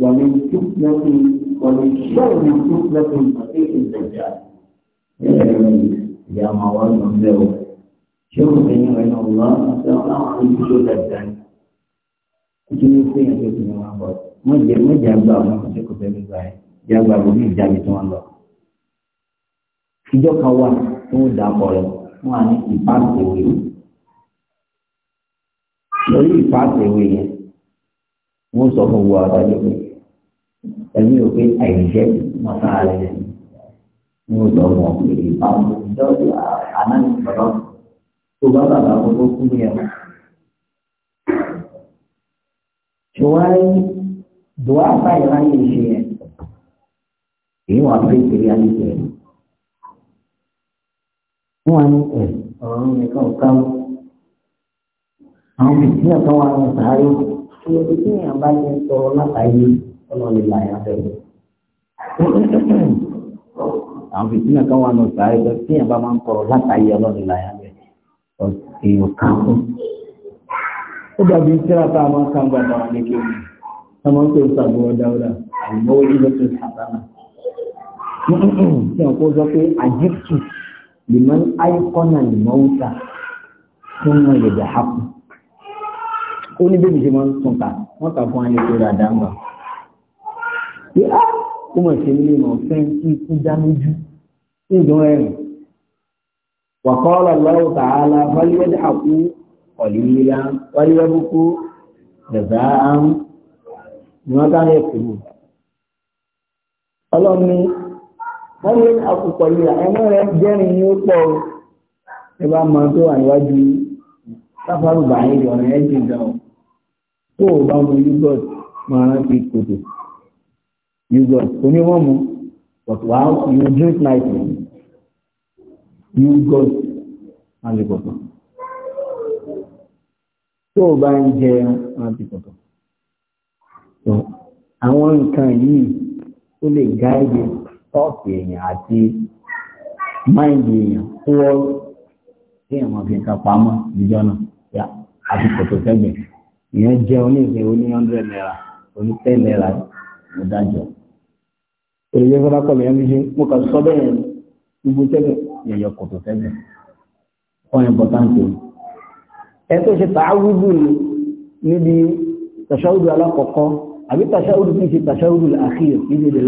wà ní Tíknọ́tì wọ́n ní ṣọ́ọ̀rù Tíknọ́tì Màtíkì Nàìjíríà. Ẹ̀rọ ìyá máa wá lọ bẹ́ẹ̀ o ṣéwù lẹ́yìn rẹ̀ náà lọ sí ọláwọn ibi tó dáadáa ní ojú ní pé yẹn tó ti ní wọn bọ̀ wọ́n jẹ wọ́n jẹ àgbà wọn kò sí kò fẹ́ gbígbà ẹ̀ jẹ àgbà wọn ní ìjà mi tí wọ́n lọ. ìjọ kan wà tó ń dà pọ̀ rẹ̀ wọ́n á ní ìpàṣẹwé lórí ìpàṣẹwé yẹn wọ́n sọ fún wa adájọ́ pé ẹ̀mí ò pé àìjẹ́ mọ́tà rẹ̀ ni sọ fún ọ tó bá bàbá gbogbo kú ní ẹ̀wọ̀n. ṣùwárí dùwà báyìí láyé ìṣe yẹn èyí wà pé ìṣe yá níṣe yẹn. wọ́n wá ní ẹ̀ ọ̀rọ̀ nìkan ò káwọ́. àwọn bìtìyà kan wà ní sàárè tí o tí yàn bá ti ń tọrọ látàyè ọlọ́ọ̀lẹ̀ láyà bẹ̀rẹ̀. àwọn bìtìyà kan wà ní sàárè tí yàn máa ń tọrọ látàyè ọlọ́ọ̀lẹ̀ láyà bẹ̀rẹ̀ èèyàn kan fún. ó dàbí tíra tá a máa ń ká gba àwọn àlejò a máa ń pè ń sàbúrò dáúdà àìmọ́wé ilé tó sàbánà. tí wọn kó sọ pé àjíkù lèmọ́ àìkọ́nà lèmọ́ wúta fún wọn lè dà á kù. ó ní ń sùn ká ah, dá lójú ní ẹ̀rùn. وقال الله تعالى فليضحكوا قليلا وليبكوا جزاء بما كانوا يكسبون ọlọ́run ní wọ́n lé àkùkọ yìí ẹ̀mọ́ rẹ̀ jẹ́rin ní ó pọ̀ ẹ bá máa tó wà níwájú sáfàrù báyìí ọ̀nà ẹ̀jì gan tó o bá mu yúgọ̀t máa rántí kòtò yúgọ̀t oníwọ̀n mu but wàá you drink nightly yúgọ́t alìkọ̀tọ̀. Tó o bá ń jẹ alìkọ̀tọ̀. Àwọn nǹkan yìí ó lè gáìdì tọ́ọ̀kì èèyàn àti máìndì èèyàn tó wọ́n tí àwọn fi ka pamọ́ ìjọ náà yá alìkọ̀tọ̀ tẹ́gbẹ̀. Ìyẹn jẹ́ oníṣẹ́ oní hundred naira oní ten naira mo dájọ́. Èrè yẹn fẹ́ bá kọ̀ mí ẹ́ mi ṣe mo kà sọ bẹ́ẹ̀ gbogbo tẹ́gbẹ̀ yẹyọ kòtò sẹ́gbẹ̀ fún ìpọ̀táǹtì ẹ tó ṣe tààwùdù níbi tàṣàwùdù alákọ̀ọ́kọ́ àbí tàṣàwùdù kìí ṣe tàṣàwùdù àkíyè